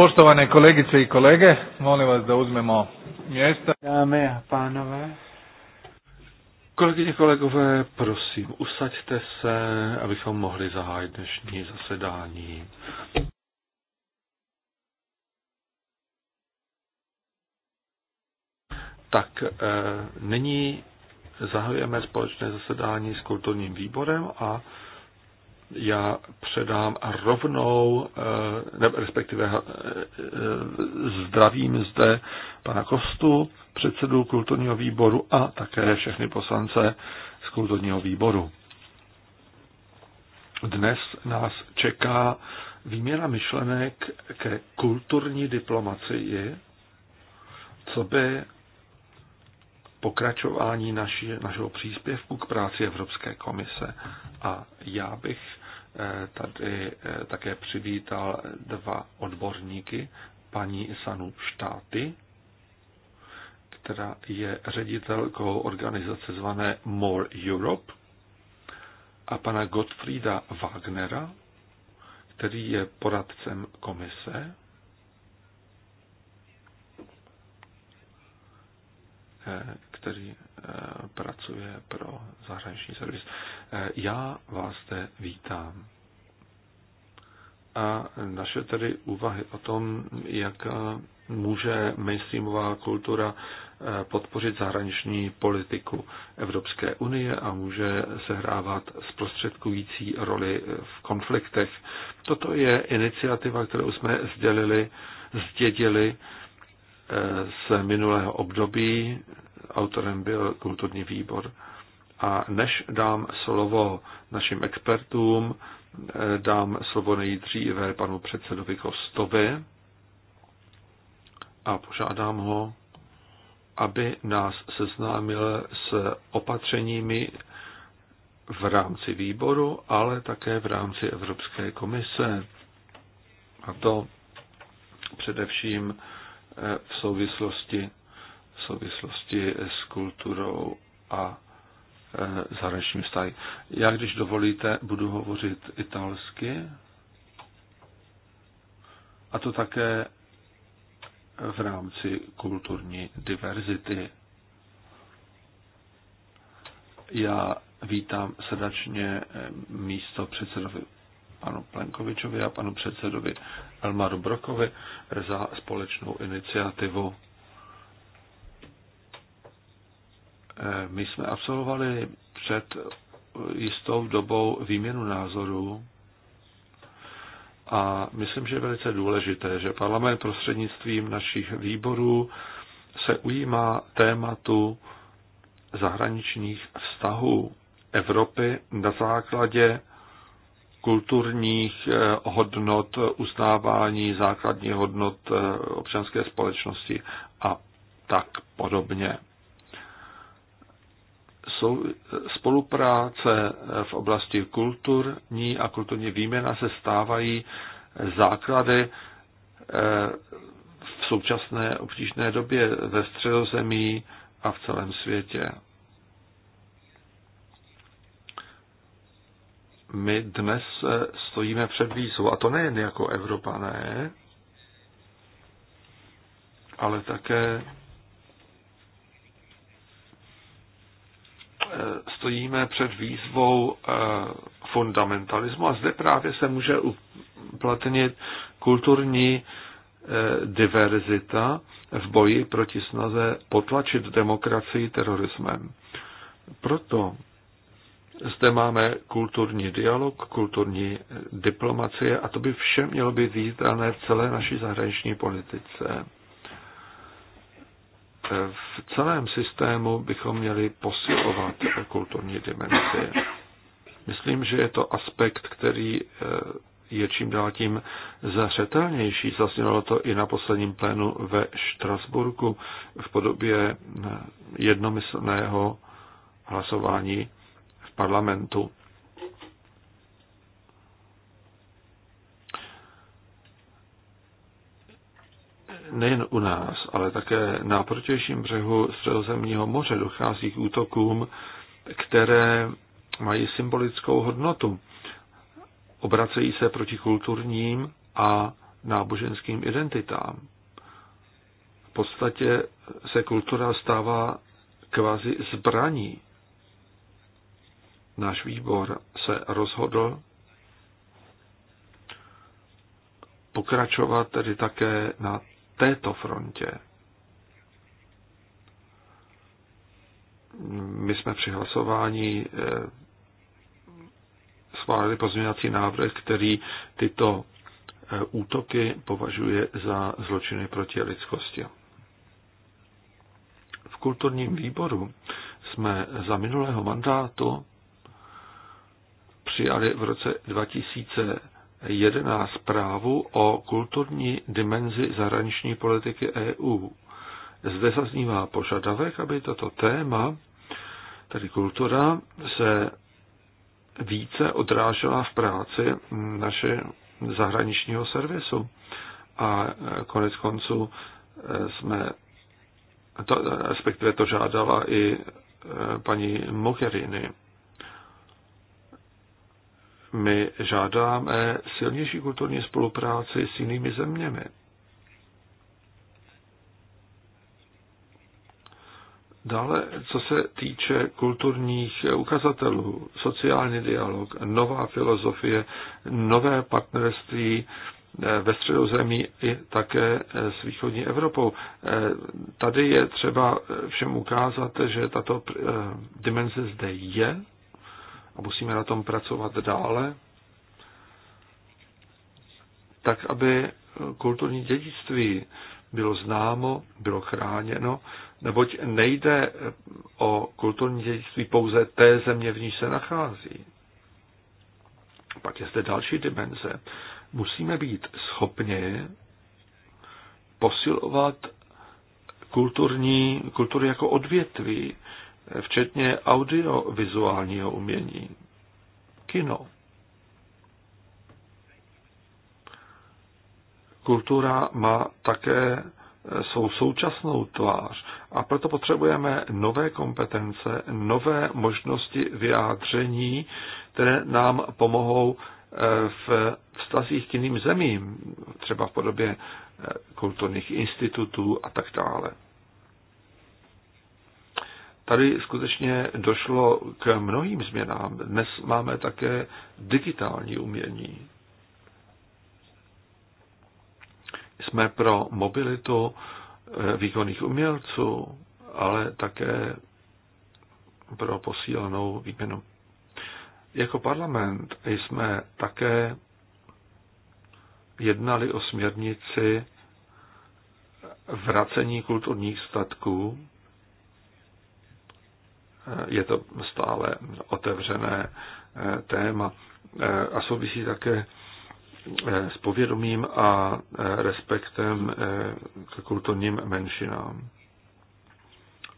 Poštovane kolegice i kolege, molim vas da uzmemo mjesta. Dame, a pánové. Kolegyně, kolegové, prosím, usaďte se, abychom mohli zahájit dnešní zasedání. Tak, e, nyní zahajujeme společné zasedání s kulturním výborem a já předám rovnou, eh, ne, respektive eh, eh, zdravím zde pana Kostu, předsedu kulturního výboru a také všechny poslance z kulturního výboru. Dnes nás čeká výměna myšlenek ke kulturní diplomacii, co by pokračování naši, našeho příspěvku k práci Evropské komise. A já bych Eh, tady eh, také přivítal dva odborníky, paní Sanu Štáty, která je ředitelkou organizace zvané More Europe, a pana Gottfrieda Wagnera, který je poradcem komise. Eh, který eh, pracuje pro zahraniční servis. Eh, já vás zde vítám. A naše tedy úvahy o tom, jak může mainstreamová kultura eh, podpořit zahraniční politiku Evropské unie a může sehrávat zprostředkující roli v konfliktech. Toto je iniciativa, kterou jsme sdělili, zdědili z minulého období autorem byl kulturní výbor. A než dám slovo našim expertům, eh, dám slovo nejdříve panu předsedovi Kostovi a požádám ho, aby nás seznámil s opatřeními v rámci výboru, ale také v rámci Evropské komise. A to především eh, v souvislosti souvislosti s kulturou a e, zahraničním vztahy. Já, když dovolíte, budu hovořit italsky a to také v rámci kulturní diverzity. Já vítám srdečně e, místo předsedovi panu Plenkovičovi a panu předsedovi Elmaru Brokovi za společnou iniciativu Eh, my jsme absolvovali před jistou dobou výměnu názorů a myslím, že je velice důležité, že parlament prostřednictvím našich výborů se ujímá tématu zahraničních vztahů Evropy na základě kulturních eh, hodnot, uznávání základních hodnot eh, občanské společnosti a tak podobně sou, spolupráce v oblasti kulturní a kulturní výměna se stávají základy eh, v současné obtížné době ve středozemí a v celém světě. My dnes eh, stojíme před výzvou, a to nejen jako Evropané, ale také Eh, stojíme před výzvou eh, fundamentalismu a zde právě se může uplatnit kulturní eh, diverzita v boji proti snaze potlačit demokracii terorismem. Proto zde máme kulturní dialog, kulturní diplomacie a to by vše mělo být výzdané v celé naší zahraniční politice v celém systému bychom měli posilovat kulturní dimenzi. Myslím, že je to aspekt, který eh, je čím dál tím zařetelnější. Zaznělo to i na posledním plénu ve Štrasburku v podobě eh, jednomyslného hlasování v parlamentu. nejen u nás, ale také na protějším břehu Středozemního moře dochází k útokům, které mají symbolickou hodnotu. Obracejí se proti kulturním a náboženským identitám. V podstatě se kultura stává kvazi zbraní. Náš výbor se rozhodl pokračovat tedy také na této frontě my jsme při hlasování eh, schválili pozměňovací návrh, který tyto eh, útoky považuje za zločiny proti lidskosti. V kulturním výboru jsme za minulého mandátu přijali v roce 2000 jedná zprávu o kulturní dimenzi zahraniční politiky EU. Zde zaznívá požadavek, aby tato téma, tedy kultura, se více odrážela v práci naše zahraničního servisu. A konec konců eh, jsme, to, eh, respektive to žádala i eh, paní Mogherini. My žádáme silnější kulturní spolupráci s jinými zeměmi. Dále, co se týče kulturních ukazatelů, sociální dialog, nová filozofie, nové partnerství eh, ve středozemí i také eh, s východní Evropou. Eh, tady je třeba všem ukázat, že tato dimenze zde je a musíme na tom pracovat dále, tak aby kulturní dědictví bylo známo, bylo chráněno, neboť nejde o kulturní dědictví pouze té země, v níž se nachází. Pak je zde další dimenze. Musíme být schopni posilovat kulturní, kulturu jako odvětví, včetně audiovizuálního umění, kino, kultura má také svou současnou tvář a proto potřebujeme nové kompetence, nové možnosti vyjádření, které nám pomohou eh, v vztazích k jiným zemím, třeba v podobě eh, kulturních institutů a tak dále. Tady skutečně došlo k mnohým změnám. Dnes máme také digitální umění. Jsme pro mobilitu eh, výkonných umělců, ale také pro posílenou výměnu. Jako parlament jsme také jednali o směrnici vracení kulturních statků je to stále otevřené eh, téma eh, a souvisí také eh, s povědomím a respektem k kulturním menšinám.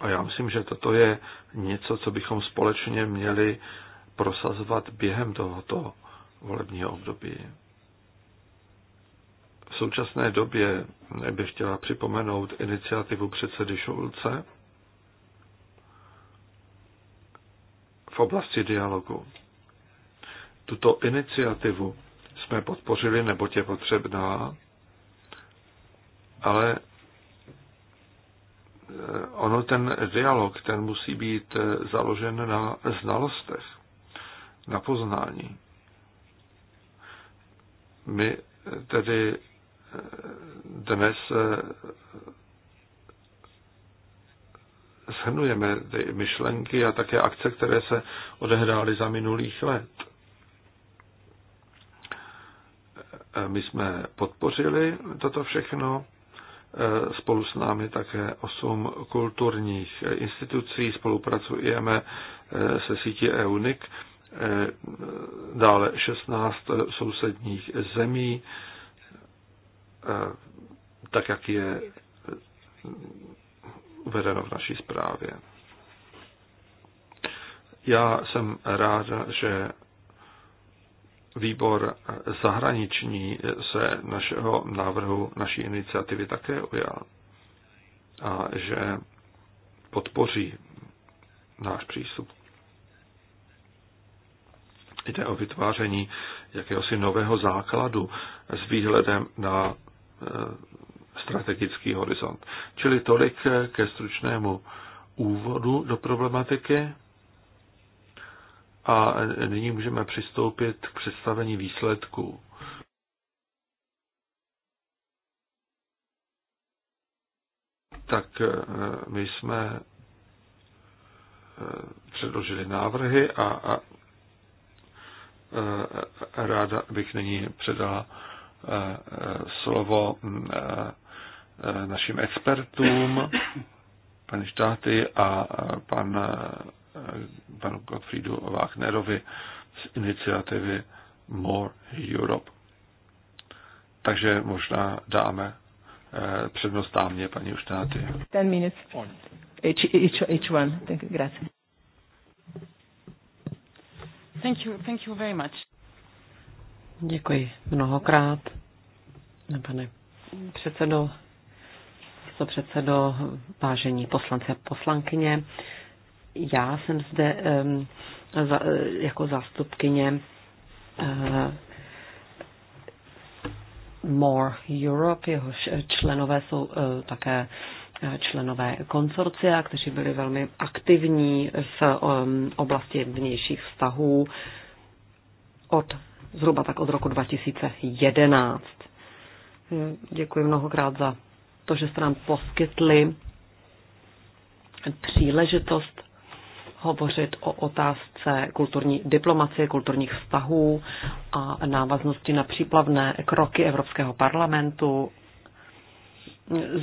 A já myslím, že toto je něco, co bychom společně měli prosazovat během tohoto volebního období. V současné době bych chtěla připomenout iniciativu předsedy Šulce, v oblasti dialogu. Tuto iniciativu jsme podpořili, nebo je potřebná, ale eh, ono ten dialog, ten musí být eh, založen na znalostech, na poznání. My eh, tedy dnes shrnujeme ty myšlenky a také akce, které se odehrály za minulých let. My jsme podpořili toto všechno. Eh, spolu s námi také osm kulturních institucí, spolupracujeme eh, se sítí EUNIC, eh, dále 16 sousedních zemí, tak jak je uvedeno v naší zprávě. Já jsem rád, že výbor zahraniční se našeho návrhu, naší iniciativy také ujal a že podpoří náš přístup. Jde o vytváření jakéhosi nového základu s výhledem na eh, strategický horizont. Čili tolik ke stručnému úvodu do problematiky. A nyní můžeme přistoupit k představení výsledků. Tak eh, my jsme eh, předložili návrhy a, a, a eh, ráda bych nyní předala slovo mm, Eh, našim expertům, paní Štáty a eh, pan, eh, panu Gottfriedu Wagnerovi z iniciativy More Europe. Takže možná dáme přednost dámě, paní Štáty. Ten minut. Each, each, each one. Thank you. Grazie. Thank you, thank you very much. Děkuji mnohokrát, pane předsedo, místo předsedo, vážení poslanci a poslankyně. Já jsem zde um, za, jako zástupkyně uh, More Europe, jeho členové jsou uh, také eh, členové konsorcia, kteří byli velmi aktivní v um, oblasti vnějších vztahů od zhruba tak od roku 2011. Děkuji mnohokrát za to, že jste nám poskytli příležitost hovořit o otázce kulturní diplomacie, kulturních vztahů a návaznosti na příplavné kroky Evropského parlamentu,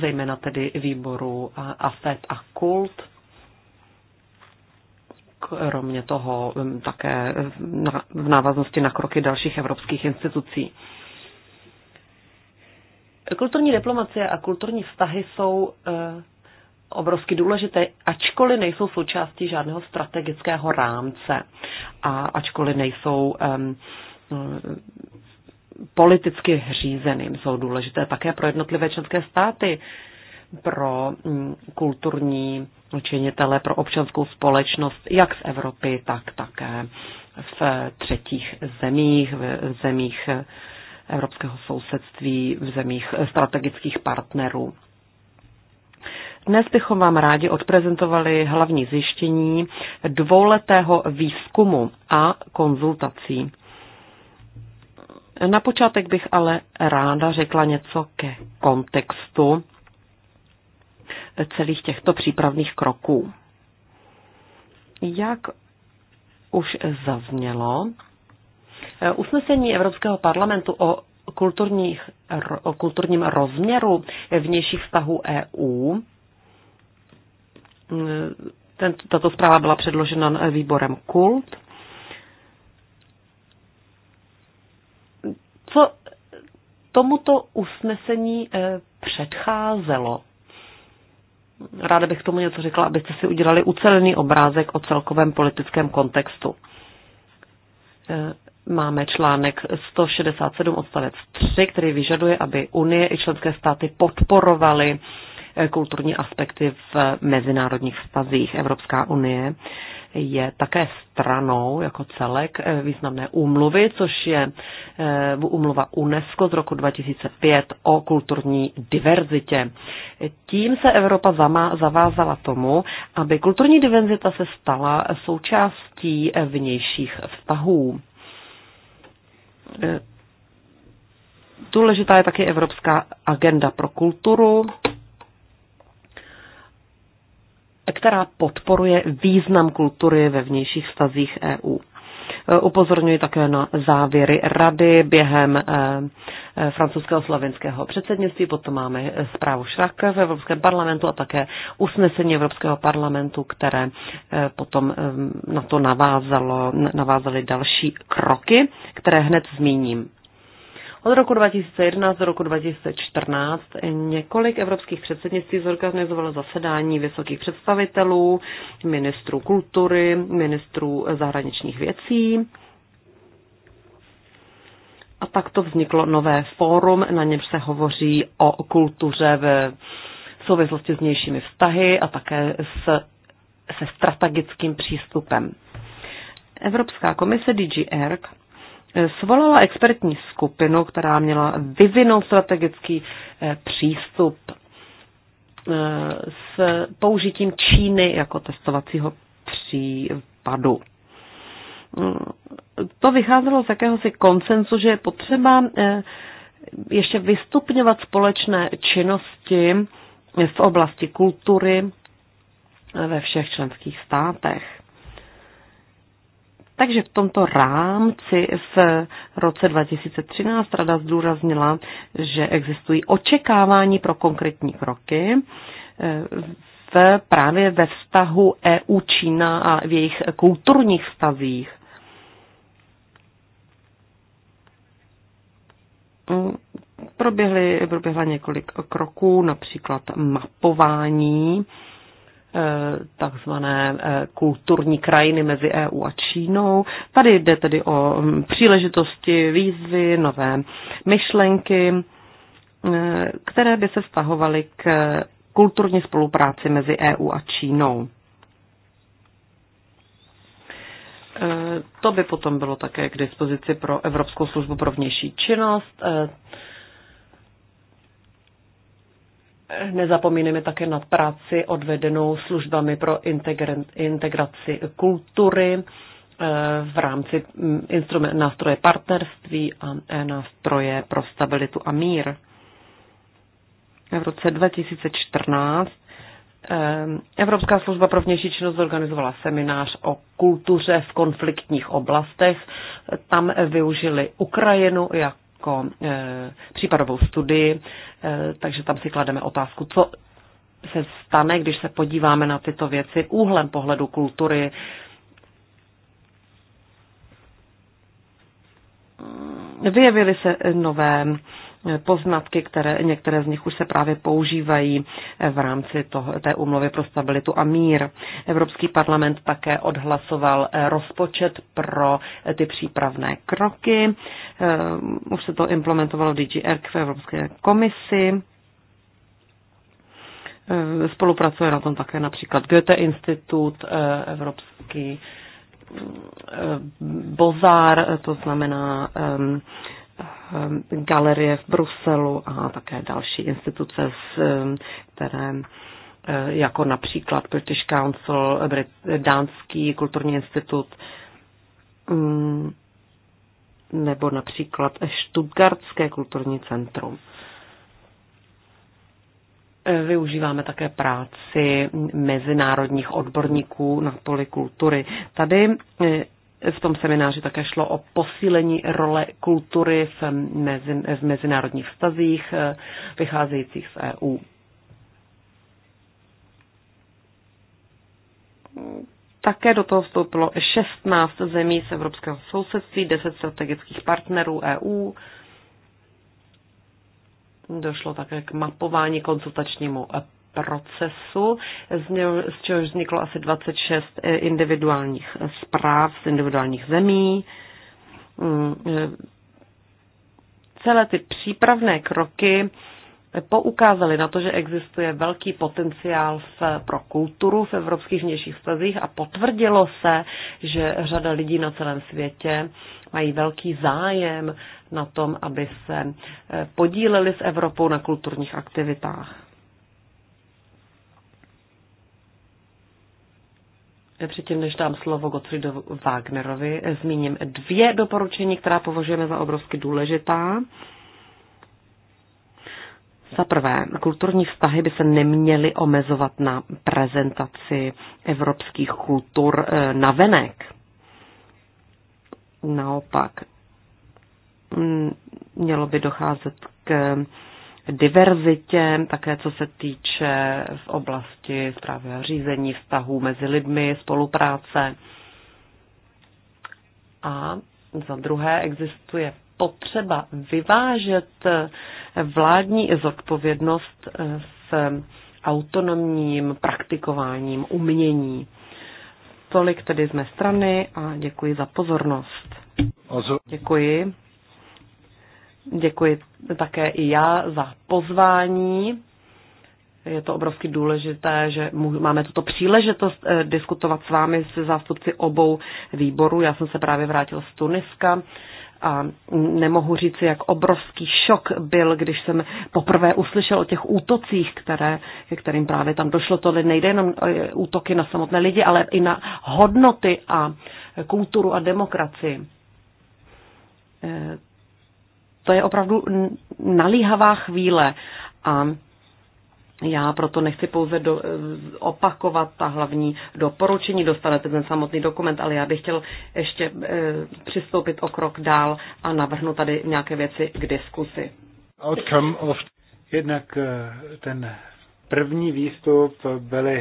zejména tedy výboru AFET a KULT. Kromě toho také v návaznosti na kroky dalších evropských institucí. Kulturní diplomacie a kulturní vztahy jsou eh, obrovsky důležité, ačkoliv nejsou součástí žádného strategického rámce a ačkoliv nejsou um, politicky řízeným, jsou důležité také pro jednotlivé členské státy, pro mm, kulturní činitele, pro občanskou společnost, jak z Evropy, tak také v třetích zemích, v zemích eh, evropského sousedství v zemích strategických partnerů. Dnes bychom vám rádi odprezentovali hlavní zjištění dvouletého výzkumu a konzultací. Na počátek bych ale ráda řekla něco ke kontextu celých těchto přípravných kroků. Jak už zaznělo, Eh, usnesení Evropského parlamentu o kulturních, o kulturním rozměru vnějších vztahů EU. Eh, Tento, tato zpráva byla předložena výborem KULT. Co tomuto usnesení eh, předcházelo? Ráda bych tomu něco řekla, abyste si udělali ucelený obrázek o celkovém politickém kontextu Máme článek 167 odstavec 3, který vyžaduje, aby Unie i členské státy podporovaly eh, kulturní aspekty v mezinárodních vztazích. Evropská unie je také stranou jako celek eh, významné úmluvy, což je eh, úmluva UNESCO z roku 2005 o kulturní diverzitě. Tím se Evropa zavázala tomu, aby kulturní diverzita se stala součástí vnějších vztahů. Eh, důležitá je taky Evropská agenda pro kulturu, která podporuje význam kultury ve vnějších stazích EU. Eh, upozorňuji také na závěry rady během eh, eh, francouzského slovenského předsednictví, potom máme zprávu Šrak v Evropském parlamentu a také usnesení Evropského parlamentu, které potom na to navázalo, navázaly další kroky, které hned zmíním. Od roku 2011 do roku 2014 několik evropských předsednictví zorganizovalo zasedání vysokých představitelů, ministrů kultury, ministrů zahraničních věcí. A takto vzniklo nové fórum, na němž se hovoří o kultuře v souvislosti s vnějšími vztahy a také s, se strategickým přístupem. Evropská komise DG ERC svolala expertní skupinu, která měla vyvinout strategický eh, přístup eh, s použitím Číny jako testovacího případu. Mm, to vycházelo z jakéhosi koncensu, že je potřeba eh, ještě vystupňovat společné činnosti v oblasti kultury ve všech členských státech. Takže v tomto rámci v roce 2013 rada zdůraznila, že existují očekávání pro konkrétní kroky eh, v, právě ve vztahu EU-Čína a v jejich kulturních vztazích. Mm, proběhly, proběhla několik kroků, například mapování Eh, takzvané eh, kulturní krajiny mezi EU a Čínou. Tady jde tedy o mm, příležitosti, výzvy, nové myšlenky, eh, které by se vztahovaly k kulturní spolupráci mezi EU a Čínou. To by potom bylo také k dispozici pro Evropskou službu pro vnější činnost. Nezapomínáme také nad práci odvedenou službami pro integraci kultury eh, v rámci mm, instrument, nástroje partnerství a eh, nástroje pro stabilitu a mír. V roce 2014 eh, Evropská služba pro vnější činnost zorganizovala seminář o kultuře v konfliktních oblastech. Tam využili Ukrajinu jako jako e, případovou studii, e, takže tam si klademe otázku, co se stane, když se podíváme na tyto věci úhlem pohledu kultury, vyjevily se nové poznatky, které, některé z nich už se právě používají v rámci toho, té umluvy pro stabilitu a mír. Evropský parlament také odhlasoval rozpočet pro ty přípravné kroky. Eh, už se to implementovalo DGR v Evropské komisi. Eh, spolupracuje na tom také například Goethe Institut, eh, Evropský bozár, to znamená ehm, Eh, galerie v Bruselu a také další instituce, eh, které eh, jako například British Council, Dánský kulturní institut, mm, nebo například Stuttgartské kulturní centrum. Využíváme také práci mezinárodních odborníků na poli kultury. Tady v tom semináři také šlo o posílení role kultury v, mezi, v mezinárodních vztazích eh, vycházejících z EU. Také do toho vstoupilo 16 zemí z evropského sousedství, 10 strategických partnerů EU. Došlo také k mapování konzultačnímu procesu, z čehož vzniklo asi 26 eh, individuálních zpráv z individuálních zemí. Mm, eh, celé ty přípravné kroky poukázaly na to, že existuje velký potenciál v, pro kulturu v evropských vnějších vztazích a potvrdilo se, že řada lidí na celém světě mají velký zájem na tom, aby se eh, podíleli s Evropou na kulturních aktivitách. Předtím, než dám slovo Gottfriedu Wagnerovi, zmíním dvě doporučení, která považujeme za obrovsky důležitá. Za prvé, kulturní vztahy by se neměly omezovat na prezentaci evropských kultur eh, na venek. Naopak, mm, mělo by docházet k diverzitě, také co se týče v oblasti zprávy řízení, vztahů mezi lidmi, spolupráce. A za druhé existuje potřeba vyvážet vládní zodpovědnost s autonomním praktikováním umění. Tolik tedy z mé strany a děkuji za pozornost. Děkuji. Děkuji také i já za pozvání. Je to obrovsky důležité, že máme tuto příležitost eh, diskutovat s vámi, s zástupci obou výborů. Já jsem se právě vrátil z Tuniska a nemohu říci, jak obrovský šok byl, když jsem poprvé uslyšel o těch útocích, které, kterým právě tam došlo. To nejde jenom eh, útoky na samotné lidi, ale i na hodnoty a kulturu a demokracii eh, to je opravdu nalíhavá chvíle a já proto nechci pouze do, e, opakovat ta hlavní doporučení, dostanete ten samotný dokument, ale já bych chtěl ještě e, přistoupit o krok dál a navrhnu tady nějaké věci k diskusi. Outcome of... Jednak e, ten první výstup byly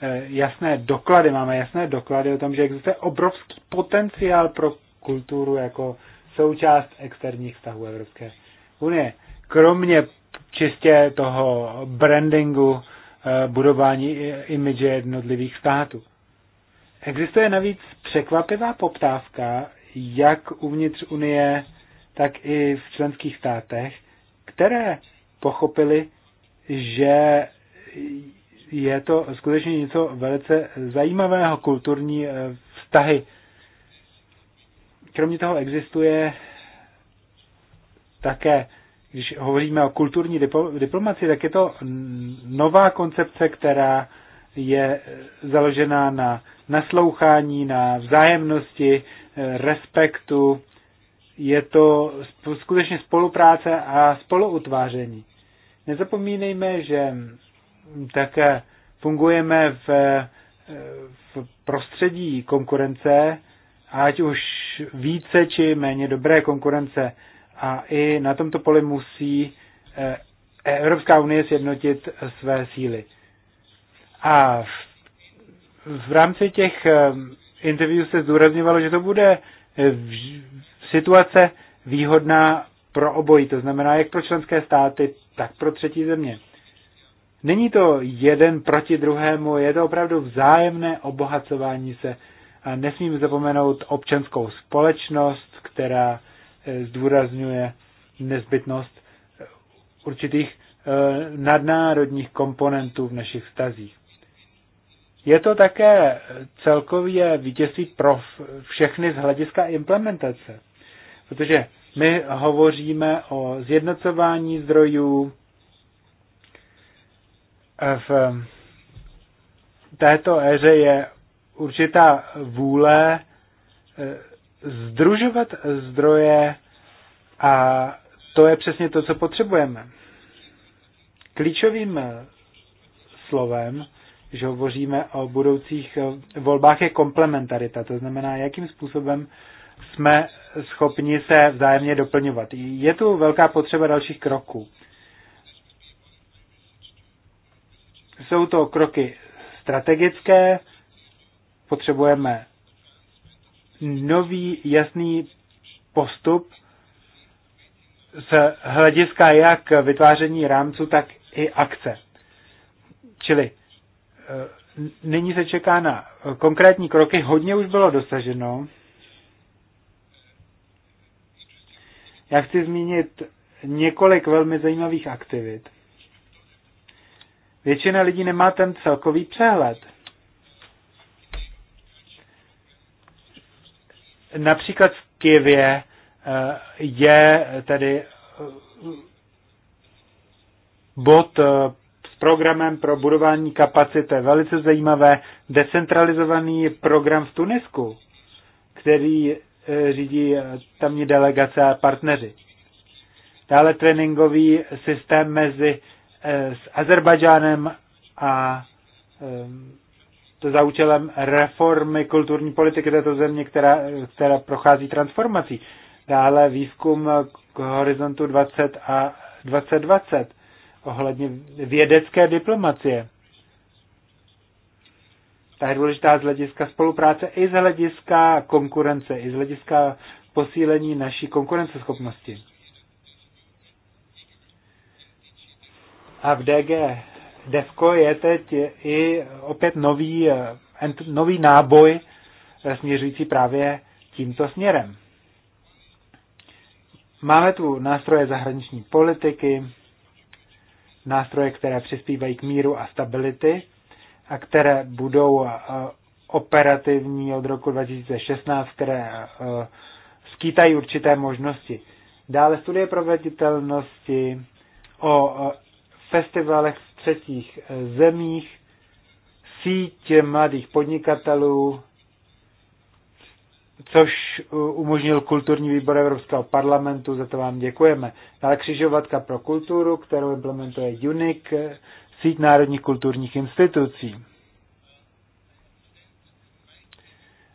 e, jasné doklady, máme jasné doklady o tom, že existuje obrovský potenciál pro kulturu jako součást externích vztahů Evropské unie. Kromě čistě toho brandingu, eh, budování imidže jednotlivých států. Existuje navíc překvapivá poptávka, jak uvnitř Unie, tak i v členských státech, které pochopili, že je to skutečně něco velice zajímavého, kulturní eh, vztahy Kromě toho existuje také, když hovoříme o kulturní diplomaci, tak je to nová koncepce, která je založená na naslouchání, na vzájemnosti, eh, respektu. Je to skutečně spolupráce a spoluutváření. Nezapomínejme, že také fungujeme v, eh, v prostředí konkurence, ať už více či méně dobré konkurence. A i na tomto poli musí eh, Evropská unie sjednotit své síly. A v rámci těch eh, interview se zdůrazňovalo, že to bude eh, situace výhodná pro obojí, to znamená jak pro členské státy, tak pro třetí země. Není to jeden proti druhému, je to opravdu vzájemné obohacování se a nesmíme zapomenout občanskou společnost, která eh, zdůrazňuje nezbytnost eh, určitých eh, nadnárodních komponentů v našich vztazích. Je to také celkově vítězství pro všechny z hlediska implementace, protože my hovoříme o zjednocování zdrojů v této éře je určitá vůle eh, združovat zdroje a to je přesně to, co potřebujeme. Klíčovým eh, slovem, že hovoříme o budoucích eh, volbách, je komplementarita. To znamená, jakým způsobem jsme schopni se vzájemně doplňovat. Je tu velká potřeba dalších kroků. Jsou to kroky strategické, potřebujeme nový jasný postup z hlediska jak vytváření rámců, tak i akce. Čili eh, nyní se čeká na konkrétní kroky, hodně už bylo dosaženo. Já chci zmínit několik velmi zajímavých aktivit. Většina lidí nemá ten celkový přehled. Například v Kijevě eh, je tedy eh, bod eh, s programem pro budování kapacity. Velice zajímavé decentralizovaný program v Tunisku, který řídí tamní delegace a partneři. Dále tréninkový systém mezi s Azerbajdžánem a to za účelem reformy kulturní politiky této země, která, která prochází transformací. Dále výzkum k horizontu 20 a 2020 ohledně vědecké diplomacie. Ta je důležitá z hlediska spolupráce i z hlediska konkurence, i z hlediska posílení naší konkurenceschopnosti. A v DG DEVKO je teď i opět nový, eh, nový náboj eh, směřující právě tímto směrem. Máme tu nástroje zahraniční politiky, nástroje, které přispívají k míru a stability a které budou eh, operativní od roku 2016, které skýtají určité možnosti. Dále studie proveditelnosti o festivalech třetích zemích, sítě mladých podnikatelů, což umožnil kulturní výbor Evropského parlamentu, za to vám děkujeme. Dále křižovatka pro kulturu, kterou implementuje UNIC, síť národních kulturních institucí.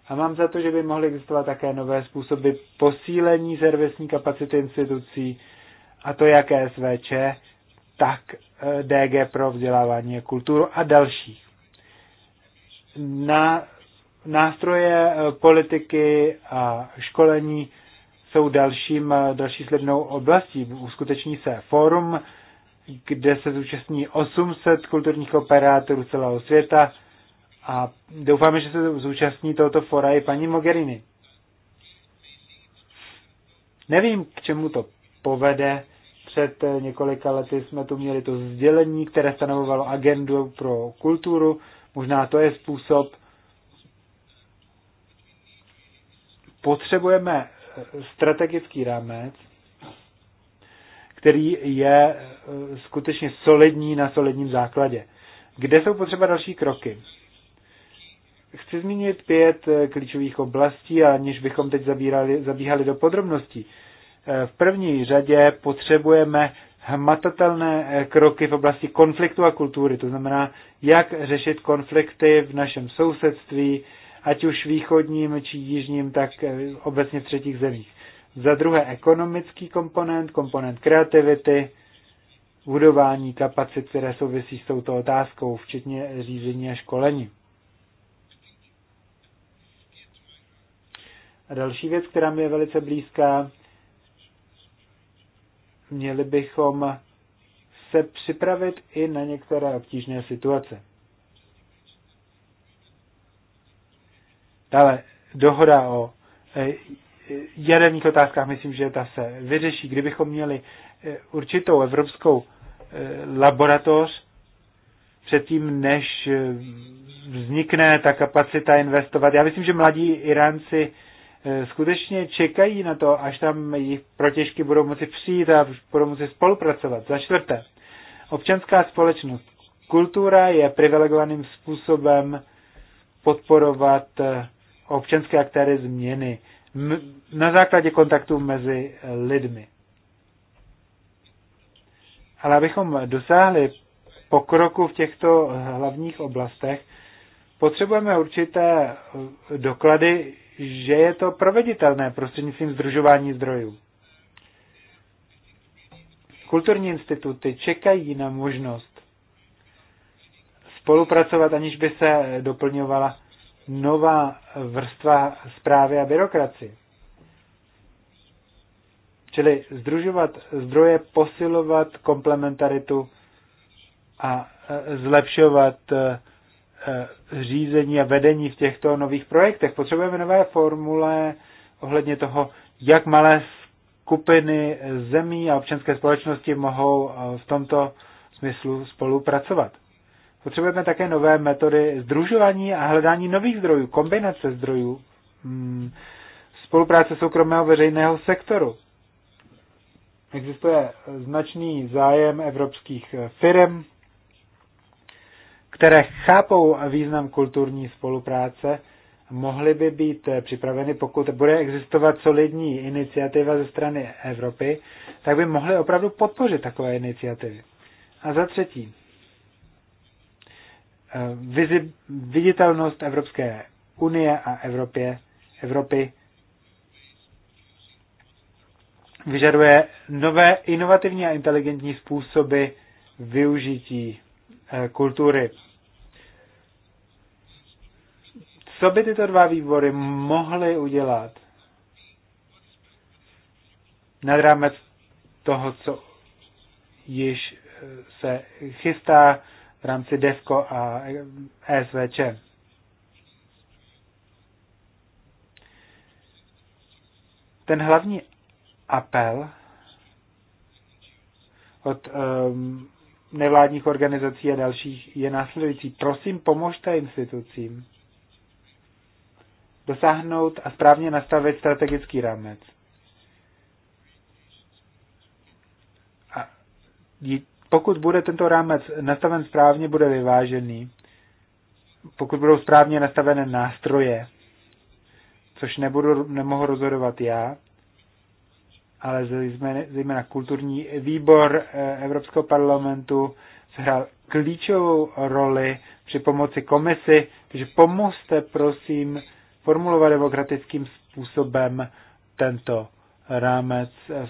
A mám za to, že by mohly existovat také nové způsoby posílení servisní kapacity institucí, a to jak SVČ, tak eh, DG pro vzdělávání a kulturu a dalších. Na nástroje eh, politiky a školení jsou dalším, eh, další slibnou oblastí. Uskuteční se fórum, kde se zúčastní 800 kulturních operátorů celého světa a doufáme, že se zúčastní tohoto fora i paní Mogherini. Nevím, k čemu to povede, před několika lety jsme tu měli to sdělení, které stanovovalo agendu pro kulturu. Možná to je způsob. Potřebujeme strategický rámec, který je e, skutečně solidní na solidním základě. Kde jsou potřeba další kroky? Chci zmínit pět e, klíčových oblastí, aniž bychom teď zabírali, zabíhali do podrobností. V první řadě potřebujeme hmatatelné eh, kroky v oblasti konfliktu a kultury, to znamená, jak řešit konflikty v našem sousedství, ať už východním či jižním, tak eh, obecně v třetích zemích. Za druhé ekonomický komponent, komponent kreativity, budování kapacit, které souvisí s touto otázkou, včetně řízení a školení. A další věc, která mi je velice blízká, měli bychom se připravit i na některé obtížné situace. Dále dohoda o e, e, jaderných otázkách, myslím, že ta se vyřeší. Kdybychom měli e, určitou evropskou laboratoř předtím, než vznikne ta kapacita investovat. Já myslím, že mladí Iránci Eh, skutečně čekají na to, až tam jejich protěžky budou moci přijít a budou moci spolupracovat. Za čtvrté, občanská společnost. Kultura je privilegovaným způsobem podporovat eh, občanské aktéry změny na základě kontaktů mezi eh, lidmi. Ale abychom dosáhli pokroku v těchto hlavních oblastech, potřebujeme určité doklady, že je to proveditelné prostřednictvím združování zdrojů. Kulturní instituty čekají na možnost spolupracovat, aniž by se doplňovala nová vrstva zprávy a byrokracie. Čili združovat zdroje, posilovat komplementaritu a e, zlepšovat e, Eh, řízení a vedení v těchto nových projektech. Potřebujeme nové formule ohledně toho, jak malé skupiny zemí a občanské společnosti mohou eh, v tomto smyslu spolupracovat. Potřebujeme také nové metody združování a hledání nových zdrojů, kombinace zdrojů, mm, spolupráce soukromého veřejného sektoru. Existuje značný zájem evropských eh, firm které chápou význam kulturní spolupráce, mohly by být připraveny, pokud bude existovat solidní iniciativa ze strany Evropy, tak by mohly opravdu podpořit takové iniciativy. A za třetí, eh, viditelnost Evropské unie a Evropě, Evropy vyžaduje nové inovativní a inteligentní způsoby využití eh, kultury Co by tyto dva výbory mohly udělat nad rámec toho, co již eh, se chystá v rámci DEFCO a eh, SVČ? Ten hlavní apel od um, nevládních organizací a dalších je následující. Prosím, pomožte institucím, dosáhnout a správně nastavit strategický rámec. A pokud bude tento rámec nastaven správně, bude vyvážený. Pokud budou správně nastavené nástroje, což nebudu, nemohu rozhodovat já, ale zejména kulturní výbor eh, Evropského parlamentu sehrál klíčovou roli při pomoci komisy, takže pomozte prosím formulovat demokratickým způsobem tento rámec v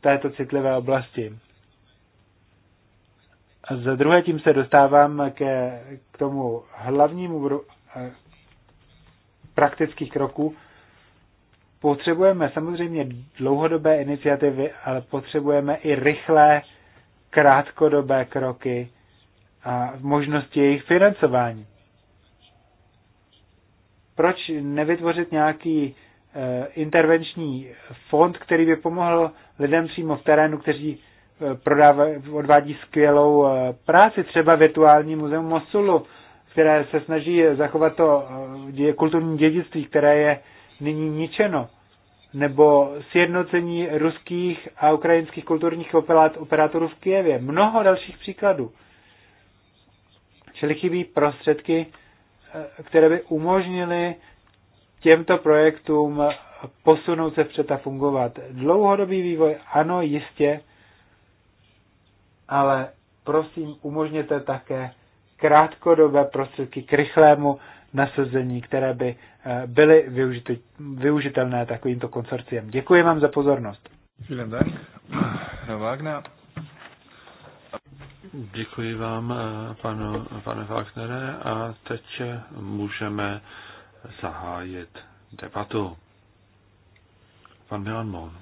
této citlivé oblasti. A za druhé tím se dostávám ke, k tomu hlavnímu praktických kroků. Potřebujeme samozřejmě dlouhodobé iniciativy, ale potřebujeme i rychlé krátkodobé kroky a možnosti jejich financování. Proč nevytvořit nějaký eh, intervenční fond, který by pomohl lidem přímo v terénu, kteří eh, prodávají, odvádí skvělou eh, práci, třeba virtuální muzeum Mosulu, které se snaží zachovat to kulturní dědictví, které je nyní ničeno, nebo sjednocení ruských a ukrajinských kulturních operátorů v Kijevě. Mnoho dalších příkladů. Čili chybí prostředky které by umožnily těmto projektům posunout se vpřed a fungovat. Dlouhodobý vývoj, ano, jistě, ale prosím, umožněte také krátkodobé prostředky k rychlému nasazení, které by eh, byly využitelné takovýmto konsorciem. Děkuji vám za pozornost. Vielen Dank, Herr Wagner. Děkuji vám, eh, panu, pane Wagnere, a teď můžeme zahájit debatu. Pan Milan Mon.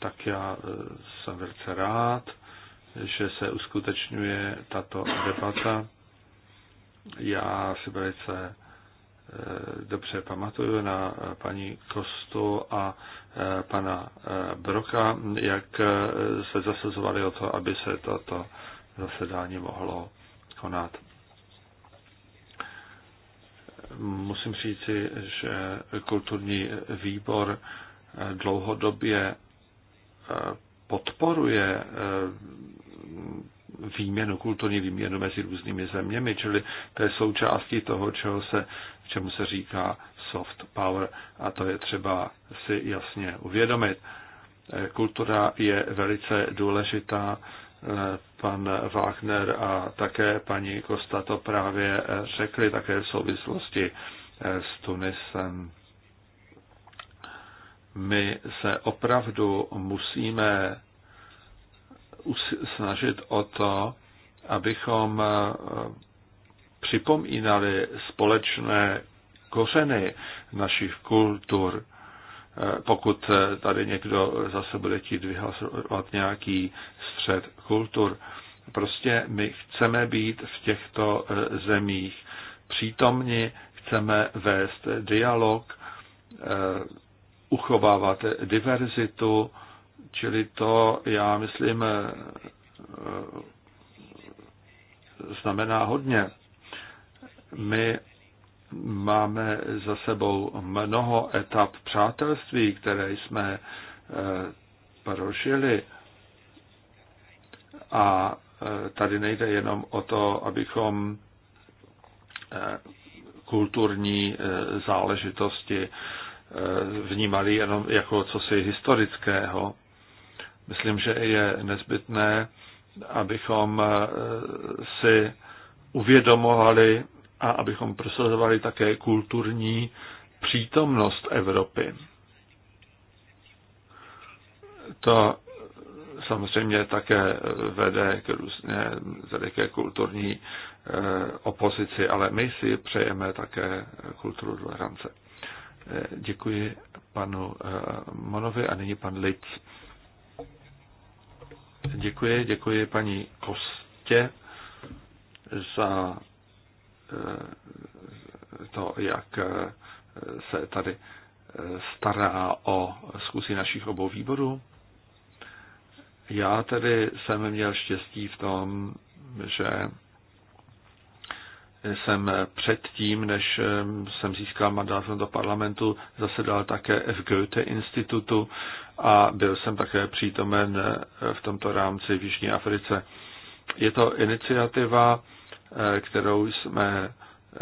Tak já eh, jsem velice rád, že se uskutečňuje tato debata. Já si velice eh, dobře pamatuju na paní Kostu a Eh, pana eh, Broka, jak eh, se zasazovali o to, aby se toto zasedání mohlo konat. Musím říci, že kulturní výbor dlouhodobě podporuje výměnu, kulturní výměnu mezi různými zeměmi, čili to je součástí toho, čeho se, čemu se říká soft power a to je třeba si jasně uvědomit. Eh, kultura je velice důležitá. Eh, pan Wagner a také paní Kosta to právě eh, řekli také v souvislosti s Tunisem. My se opravdu musíme snažit o to, abychom připomínali společné kořeny našich kultur. Eh, pokud eh, tady někdo zase bude chtít vyhlasovat nějaký střed kultur, prostě my chceme být v těchto eh, zemích přítomni, chceme vést dialog, uchovávat diverzitu, čili to, já myslím, znamená hodně. My Máme za sebou mnoho etap přátelství, které jsme eh, prožili. A eh, tady nejde jenom o to, abychom eh, kulturní záležitosti vnímali jenom jako cosi historického. Myslím, že je nezbytné, abychom si uvědomovali, a abychom prosazovali také kulturní přítomnost Evropy. To samozřejmě také vede k, různě, vede ke kulturní eh, opozici, ale my si přejeme také kulturu tolerance. Eh, děkuji panu eh, Monovi a nyní pan Lic. Děkuji, děkuji paní Kostě za to, jak se tady stará o zkusy našich obou výborů. Já tedy jsem měl štěstí v tom, že jsem předtím, než jsem získal mandát do parlamentu, zasedal také v Goethe institutu a byl jsem také přítomen v tomto rámci v Jižní Africe. Je to iniciativa, Eh, kterou jsme eh,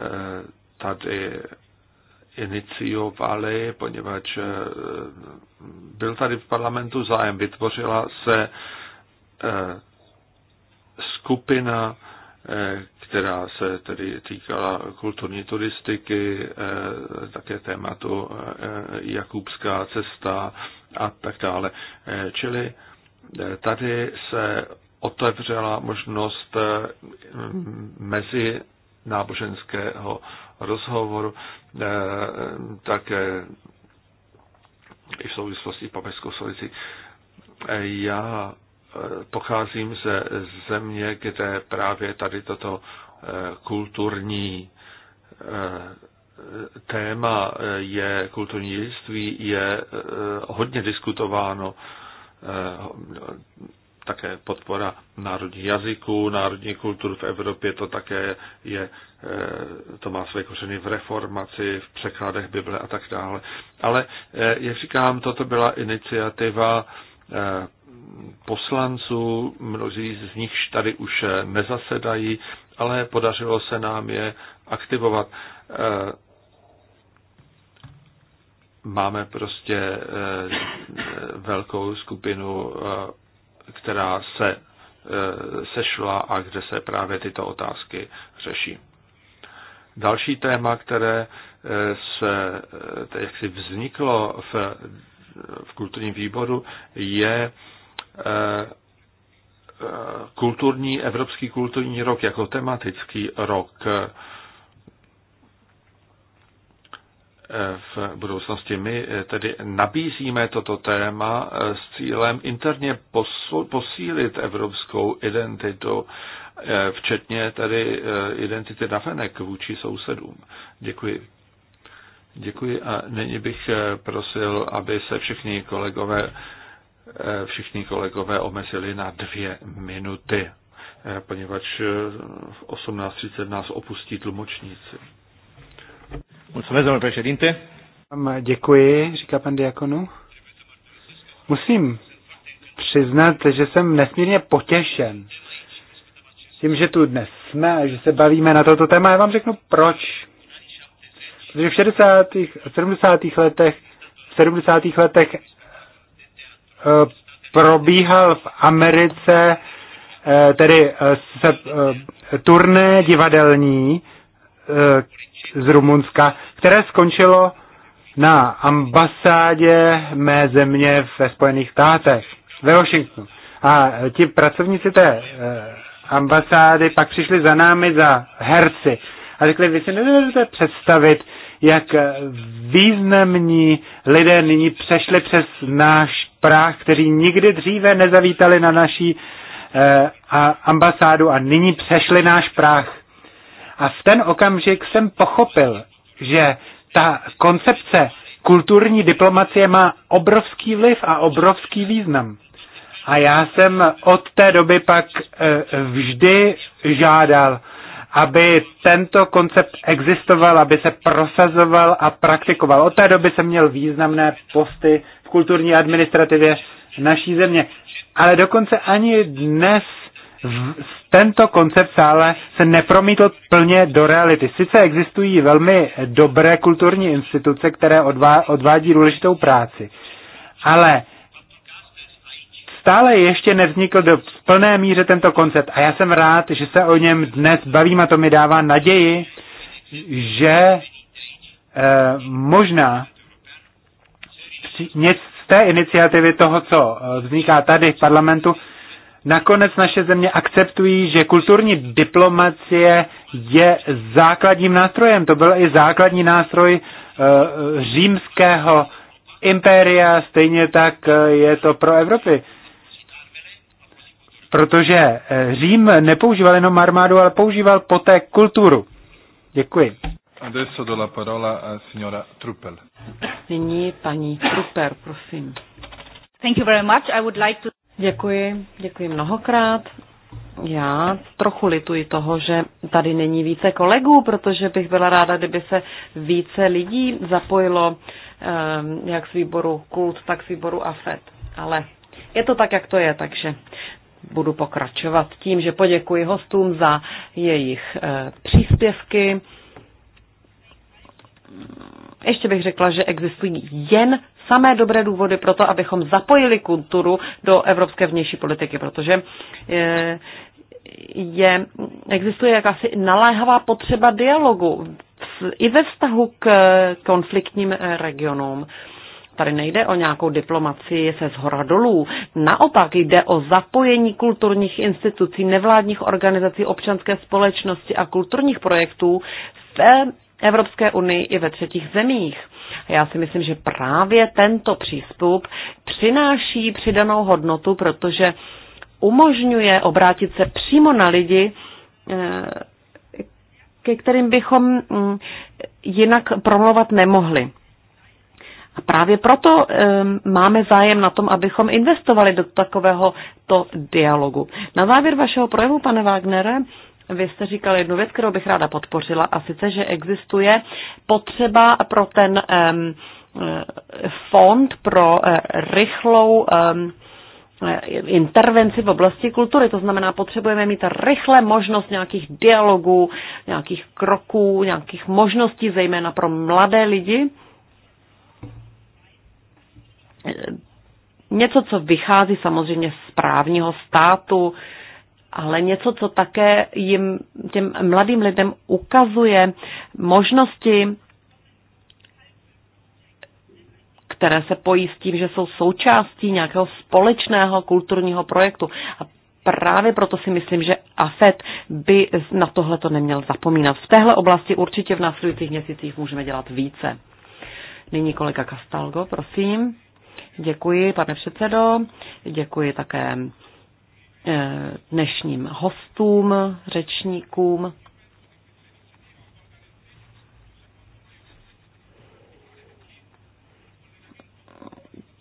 tady iniciovali, poněvadž eh, byl tady v parlamentu zájem. Vytvořila se skupina, která se tedy týkala kulturní turistiky, také tématu Jakubská cesta a tak dále. Čili tady se otevřela možnost eh, mezi náboženského rozhovoru, eh, také i v souvislosti s papežskou solicí. Já eh, pocházím ze země, kde právě tady toto kulturní téma je kulturní dědictví je hodně diskutováno také podpora národních jazyků, národní kultur v Evropě, to také je, eh, to má své kořeny v reformaci, v překladech Bible a tak dále. Ale, eh, jak říkám, toto byla iniciativa eh, poslanců, mnozí z nichž tady už nezasedají, ale podařilo se nám je aktivovat. Máme prostě velkou skupinu která se e, sešla a kde se právě tyto otázky řeší. Další téma, které e, se e, jak si vzniklo v, v kulturním výboru, je kulturní, Evropský kulturní rok jako tematický rok v budoucnosti. My eh, tedy nabízíme toto téma eh, s cílem interně posílit evropskou identitu, eh, včetně tedy identity Dafenek vůči sousedům. Děkuji. Děkuji a nyní bych prosil, aby se všichni kolegové, všichni kolegové omezili na dvě minuty, poněvadž v 18.30 nás opustí tlumočníci. Mulțumesc, domnule președinte. Děkuji, říká pan Diakonu. Musím přiznat, že jsem nesmírně potěšen tím, že tu dnes jsme a že se bavíme na toto téma. Já vám řeknu proč. Protože v 60. a 70. letech, v 70. letech e, probíhal v Americe e, tedy e, se, e, turné divadelní, z Rumunska, které skončilo na ambasádě mé země ve Spojených státech, ve Washingtonu. A ti pracovníci té eh, ambasády pak přišli za námi, za herci. A řekli, vy si nedovedete představit, jak eh, významní lidé nyní přešli přes náš práh, kteří nikdy dříve nezavítali na naší eh, ambasádu a nyní přešli náš práh. A v ten okamžik jsem pochopil, že ta koncepce kulturní diplomacie má obrovský vliv a obrovský význam. A já jsem od té doby pak eh, vždy žádal, aby tento koncept existoval, aby se prosazoval a praktikoval. Od té doby jsem měl významné posty v kulturní administrativě naší země. Ale dokonce ani dnes tento koncept ale se nepromítl plně do reality. Sice existují velmi dobré kulturní instituce, které odvá, odvádí důležitou práci, ale stále ještě nevznikl do plné míře tento koncept. A já jsem rád, že se o něm dnes bavím a to mi dává naději, že eh, možná něco z té iniciativy toho, co eh, vzniká tady v parlamentu, eh, Nakonec naše země akceptují, že kulturní diplomacie je základním nástrojem. To byl i základní nástroj uh, římského impéria, stejně tak eh, je to pro Evropy. Protože eh, Řím nepoužíval jenom armádu, ale používal poté kulturu. Děkuji. Adesso do la parola a signora Truppel. Nyní paní Truppel, prosím. Thank you very much. I would like to... Děkuji, děkuji mnohokrát. Já trochu lituji toho, že tady není více kolegů, protože bych byla ráda, kdyby se více lidí zapojilo ehm, jak z výboru Kult, tak z výboru AFET. Ale je to tak, jak to je, takže budu pokračovat tím, že poděkuji hostům za jejich e, příspěvky. Ještě bych řekla, že existují jen samé dobré důvody pro to, abychom zapojili kulturu do evropské vnější politiky, protože je, eh, je, existuje jakási naléhavá potřeba dialogu i ve vztahu k konfliktním eh, regionům. Tady nejde o nějakou diplomaci se zhora dolů. Naopak jde o zapojení kulturních institucí, nevládních organizací, občanské společnosti a kulturních projektů v Evropské unii i ve třetích zemích. Já si myslím, že právě tento přístup přináší přidanou hodnotu, protože umožňuje obrátit se přímo na lidi, eh, ke kterým bychom mm, jinak promluvat nemohli. A právě proto eh, máme zájem na tom, abychom investovali do takového to dialogu. Na závěr vašeho projevu, pane Wagnere, vy jste říkal jednu věc, kterou bych ráda podpořila, a sice, že existuje potřeba pro ten um, fond pro uh, rychlou um, intervenci v oblasti kultury. To znamená, potřebujeme mít rychle možnost nějakých dialogů, nějakých kroků, nějakých možností, zejména pro mladé lidi. Něco, co vychází samozřejmě z právního státu, ale něco, co také jim, těm mladým lidem ukazuje možnosti, které se pojí s tím, že jsou součástí nějakého společného kulturního projektu. A právě proto si myslím, že AFET by na tohle to neměl zapomínat. V téhle oblasti určitě v následujících měsících můžeme dělat více. Nyní kolega Kastalgo, prosím. Děkuji, pane předsedo. Děkuji také Eh, dnešním hostům, řečníkům.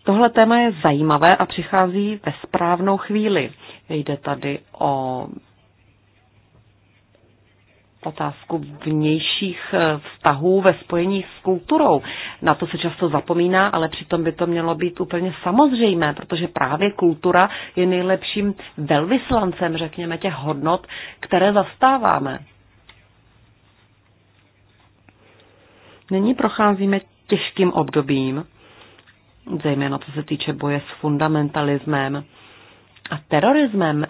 Tohle téma je zajímavé a přichází ve správnou chvíli. Jde tady o otázku vnějších eh, vztahů ve spojení s kulturou. Na to se často zapomíná, ale přitom by to mělo být úplně samozřejmé, protože právě kultura je nejlepším velvyslancem, řekněme, těch hodnot, které zastáváme. Nyní procházíme těžkým obdobím, zejména co se týče boje s fundamentalismem a terorismem.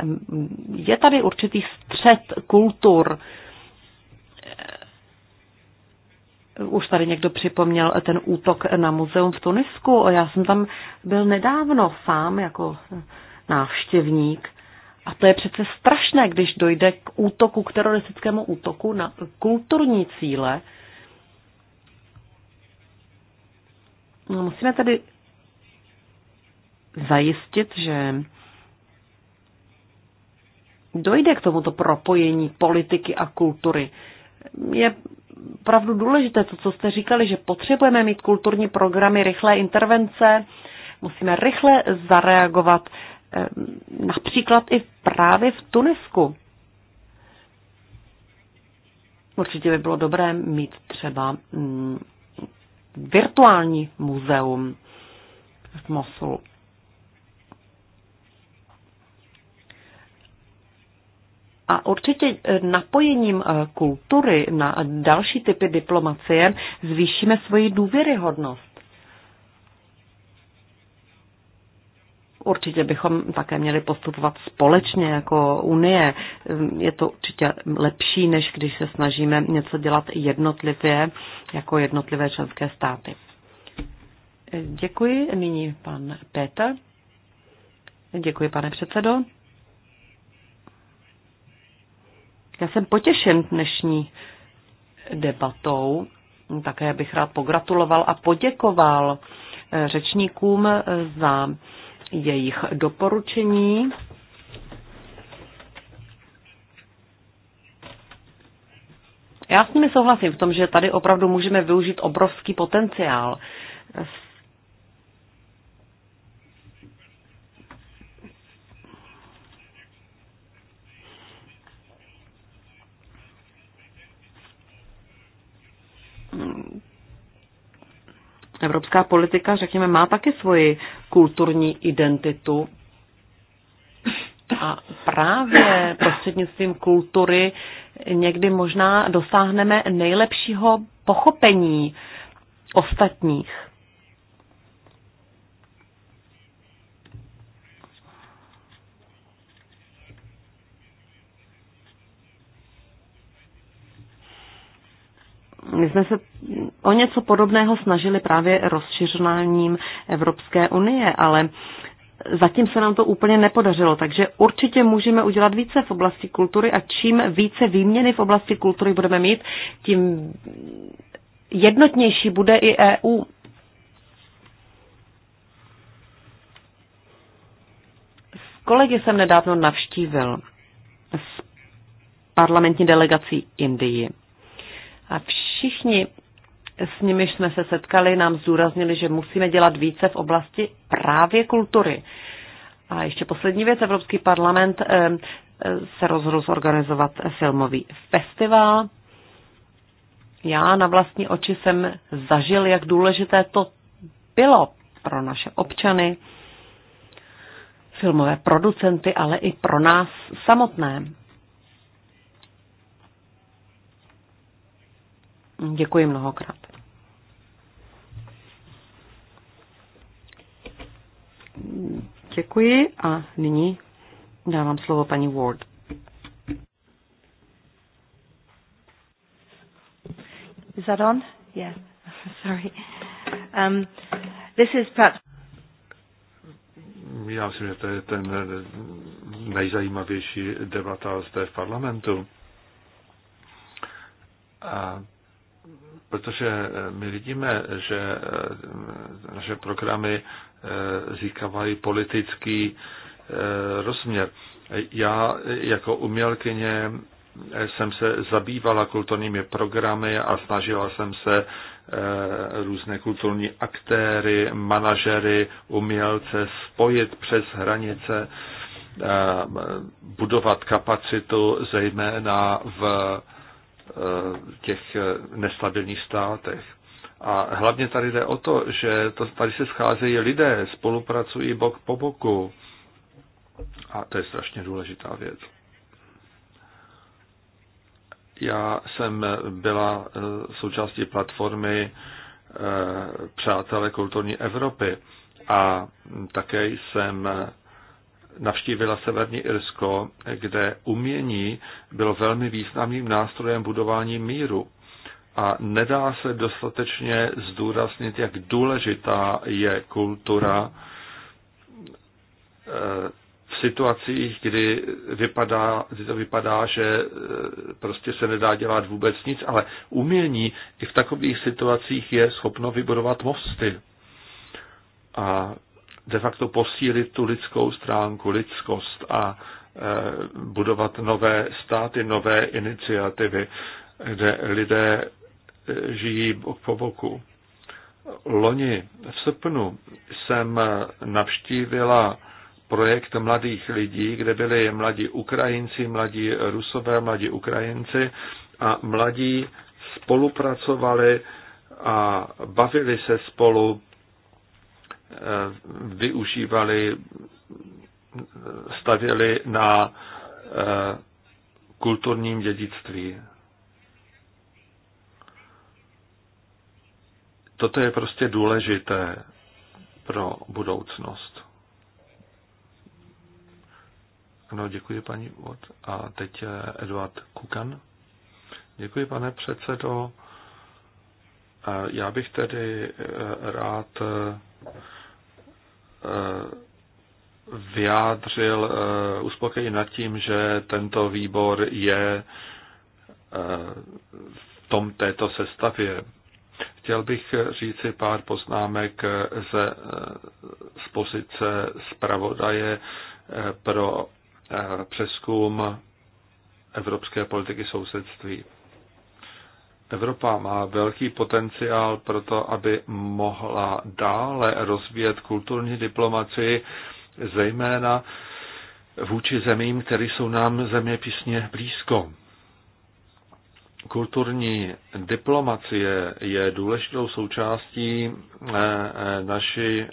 Je tady určitý střed kultur, Už tady někdo připomněl ten útok na muzeum v Tunisku. Já jsem tam byl nedávno sám jako návštěvník. A to je přece strašné, když dojde k útoku, k teroristickému útoku na kulturní cíle. No, musíme tedy zajistit, že dojde k tomuto propojení politiky a kultury. Je opravdu důležité, to, co jste říkali, že potřebujeme mít kulturní programy, rychlé intervence, musíme rychle zareagovat, eh, například i právě v Tunisku. Určitě by bylo dobré mít třeba mm, virtuální muzeum v Mosulu. A určitě e, napojením e, kultury na další typy diplomacie zvýšíme svoji důvěryhodnost. Určitě bychom také měli postupovat společně jako Unie. Je to určitě lepší, než když se snažíme něco dělat jednotlivě, jako jednotlivé členské státy. Děkuji. Nyní pan Petr. Děkuji, pane předsedo. Já jsem potěšen dnešní debatou. Také bych rád pogratuloval a poděkoval eh, řečníkům eh, za jejich doporučení. Já s nimi souhlasím v tom, že tady opravdu můžeme využít obrovský potenciál. evropská politika, řekněme, má taky svoji kulturní identitu. A právě prostřednictvím kultury někdy možná dosáhneme nejlepšího pochopení ostatních. My jsme se o něco podobného snažili právě rozšiřováním Evropské unie, ale zatím se nám to úplně nepodařilo, takže určitě můžeme udělat více v oblasti kultury a čím více výměny v oblasti kultury budeme mít, tím jednotnější bude i EU. S kolegy jsem nedávno navštívil s parlamentní delegací Indii. A vš- Všichni s nimi jsme se setkali, nám zdůraznili, že musíme dělat více v oblasti právě kultury. A ještě poslední věc, Evropský parlament eh, eh, se rozhodl zorganizovat filmový festival. Já na vlastní oči jsem zažil, jak důležité to bylo pro naše občany, filmové producenty, ale i pro nás samotné. Děkuji mnohokrát. Děkuji a nyní dávám slovo paní Ward. Is that on? Yeah. Sorry. Um, this is perhaps... Já myslím, že to je ten nejzajímavější debata zde v parlamentu. A protože eh, my vidíme, že eh, naše programy získávají eh, politický rozměr. Já jako umělkyně jsem se zabývala kulturními programy a snažila jsem se různé kulturní aktéry, manažery, umělce spojit přes hranice, budovat kapacitu zejména v Eh, těch nestabilních státech. A hlavně tady jde o to, že to, tady se scházejí lidé, spolupracují bok po boku. A to je strašně důležitá věc. Já jsem byla eh, součástí platformy eh, Přátelé kulturní Evropy a také jsem navštívila Severní Irsko, kde umění bylo velmi významným nástrojem budování míru. A nedá se dostatečně zdůraznit, jak důležitá je kultura eh, v situacích, kdy, vypadá, kdy to vypadá, že eh, prostě se nedá dělat vůbec nic, ale umění i v takových situacích je schopno vybudovat mosty. A de facto posílit tu lidskou stránku, lidskost a e, budovat nové státy, nové iniciativy, kde lidé e, žijí bok po boku. Loni v srpnu jsem navštívila projekt mladých lidí, kde byli mladí Ukrajinci, mladí Rusové, mladí Ukrajinci a mladí spolupracovali a bavili se spolu využívali, stavěli na eh, kulturním dědictví. Toto je prostě důležité pro budoucnost. Ano, děkuji paní Vod. A teď eh, Eduard Kukan. Děkuji, pane předsedo. Eh, já bych tedy rád Eh, vyjádřil eh, uspokojení nad tím, že tento výbor je eh, v tom této sestavě. Chtěl bych říci pár poznámek ze, z pozice zpravodaje pro přeskum evropské politiky sousedství. Evropa má velký potenciál pro to, aby mohla dále rozvíjet kulturní diplomacii, zejména vůči zemím, které jsou nám zeměpisně blízko. Kulturní diplomacie je důležitou součástí eh, eh, naší eh,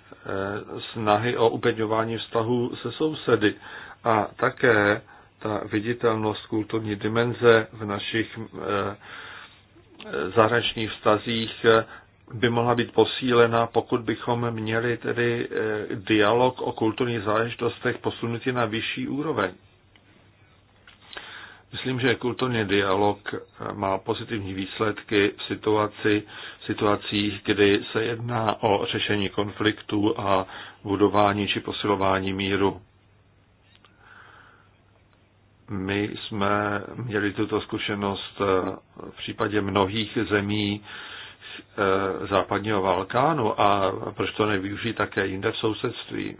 snahy o upevňování vztahu se sousedy a také ta viditelnost kulturní dimenze v našich zahraničních vztazích eh, by mohla být posílena, pokud bychom měli tedy eh, dialog o kulturních záležitostech posunutý na vyšší úroveň. Myslím, že kulturní dialog eh, má pozitivní výsledky v, situaci, v situacích, kdy se jedná o řešení konfliktů a budování či posilování míru. My jsme měli tuto zkušenost eh, v případě mnohých zemí eh, západního Balkánu a proč to nevyužít také jinde v sousedství.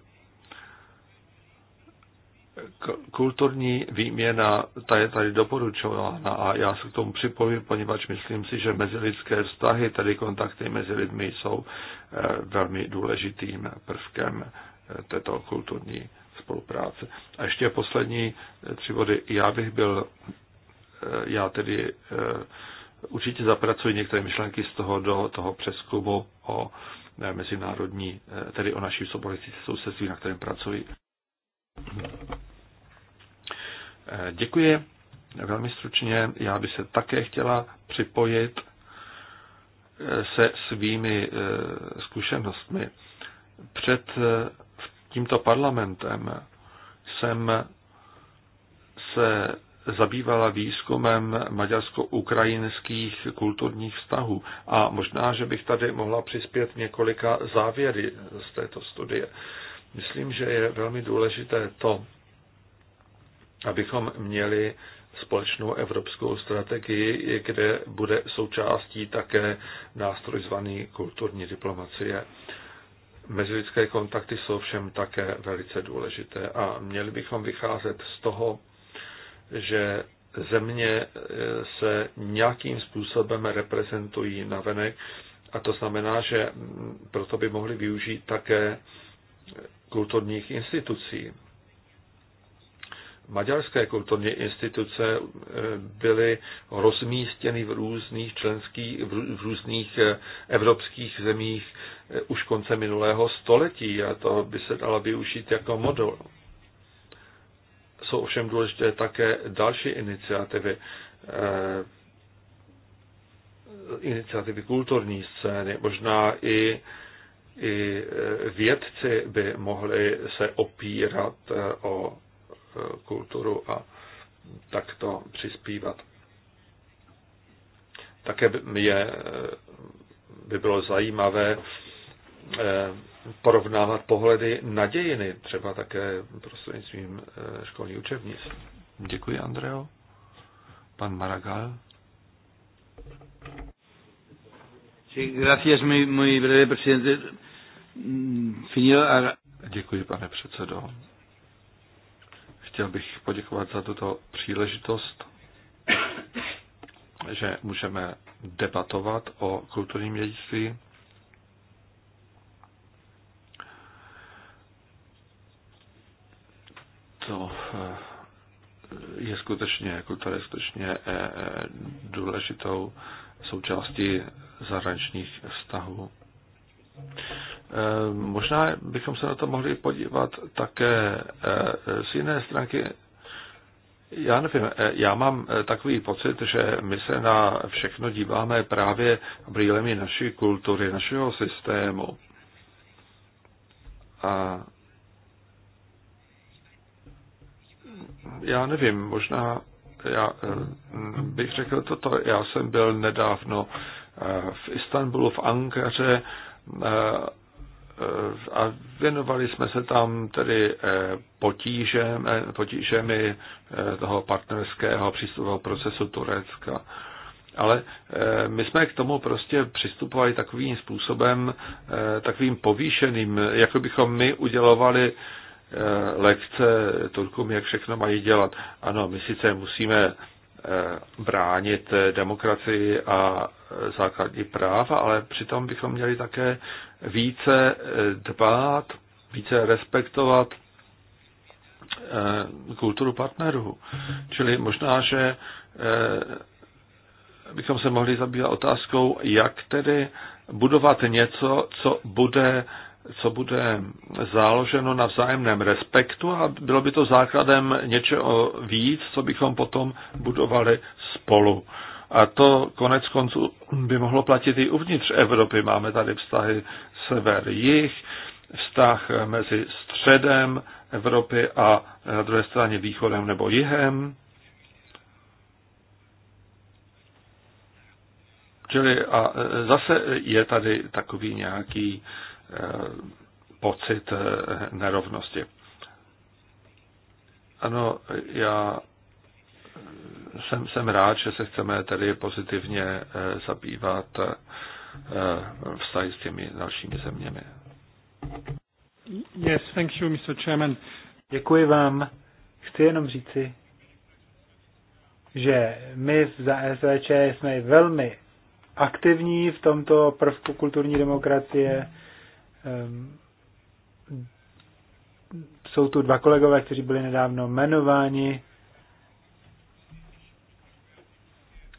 Kulturní výměna, ta je tady doporučována a já se k tomu připojím, poněvadž myslím si, že mezilidské vztahy, tedy kontakty mezi lidmi, jsou eh, velmi důležitým prvkem této kulturní spolupráce. A ještě poslední eh, tři body. Já bych byl, eh, já tedy eh, určitě zapracuji některé myšlenky z toho do toho přeskumu o mezinárodní, tedy o naší sobotici sousedství, na kterém pracuji. Děkuji. Velmi stručně, já bych se také chtěla připojit se svými zkušenostmi. Před tímto parlamentem jsem se zabývala výzkumem maďarsko-ukrajinských kulturních vztahů. A možná, že bych tady mohla přispět několika závěry z této studie. Myslím, že je velmi důležité to, abychom měli společnou evropskou strategii, kde bude součástí také nástroj zvaný kulturní diplomacie. Mezilidské kontakty jsou všem také velice důležité a měli bychom vycházet z toho, že země eh, se nějakým způsobem reprezentují na venek a to znamená, že mm, proto by mohli využít také kulturních institucí maďarské kulturní instituce eh, byly rozmístěny v různých členských, v různých eh, evropských zemích eh, už konce minulého století a to by se dalo využít jako model. Jsou ovšem důležité také další iniciativy, iniciativy kulturní scény, možná i i vědci by mohli se opírat o kulturu a takto přispívat. Také je, eh, by bylo zajímavé eh, porovnávat pohledy na dějiny, třeba také prostřednictvím eh, školní učebnic. Děkuji, Andreo. Pan Maragal. Mm, Děkuji, pane předsedo. Chtěl bych poděkovat za tuto příležitost, že můžeme debatovat o kulturním dědictví. To eh, je skutečně, kultura je skutečně eh, eh, důležitou součástí zahraničních vztahů. Eh, možná bychom se na to mohli podívat také eh, z jiné stránky. Já nevím, eh, já mám takový pocit, že my se na všechno díváme právě brýlemi naší kultury, našeho systému. A já nevím, možná já bych řekl toto. Já jsem byl nedávno v Istanbulu, v Ankaře Eh, eh, a věnovali jsme se tam tedy eh, potížem, potížemi toho partnerského přístupového procesu Turecka. Ale my jsme k tomu prostě přistupovali takovým způsobem, takovým povýšeným, jako bychom my udělovali lekce Turkům, jak všechno mají dělat. Ano, my sice musíme Eh, bránit demokracii a základní práva, ale přitom bychom měli také více eh, dbát, více respektovat eh, kulturu partnerů. Čili možná, že bychom se mohli zabývat otázkou, jak tedy budovat něco, co bude co bude záloženo na vzájemném respektu a bylo by to základem něčeho víc, co bychom potom budovali spolu. A to konec konců by mohlo platit i uvnitř Evropy. Máme tady vztahy sever-jih, vztah mezi středem Evropy a na druhé straně východem nebo jihem. Čili a e, zase je tady takový nějaký Eh, pocit eh, nerovnosti. Ano, já eh, jsem, jsem rád, že se chceme tady pozitivně zabývat vztahy s těmi dalšími zeměmi. Yes, thank you, Mr. Chairman. Děkuji vám. Chci jenom říci, že my za SVČ jsme velmi aktivní v tomto prvku kulturní demokracie. Ehm, jsou tu dva kolegové, kteří byli nedávno jmenováni.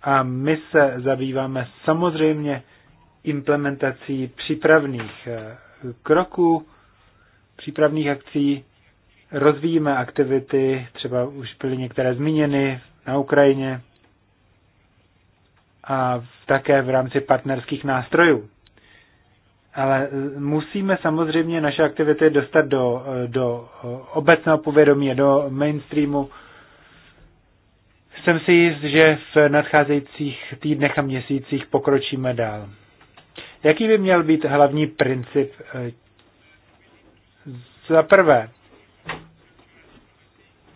A my se zabýváme samozřejmě implementací přípravných eh, kroků, přípravných akcí. Rozvíjíme aktivity, třeba už byly některé zmíněny na Ukrajině a také v rámci partnerských nástrojů. Ale e, musíme samozřejmě naše aktivity dostat do, e, do e, obecného povědomí, do mainstreamu. Jsem si jist, že v nadcházejících týdnech a měsících pokročíme dál. Jaký by měl být hlavní princip? Za prvé,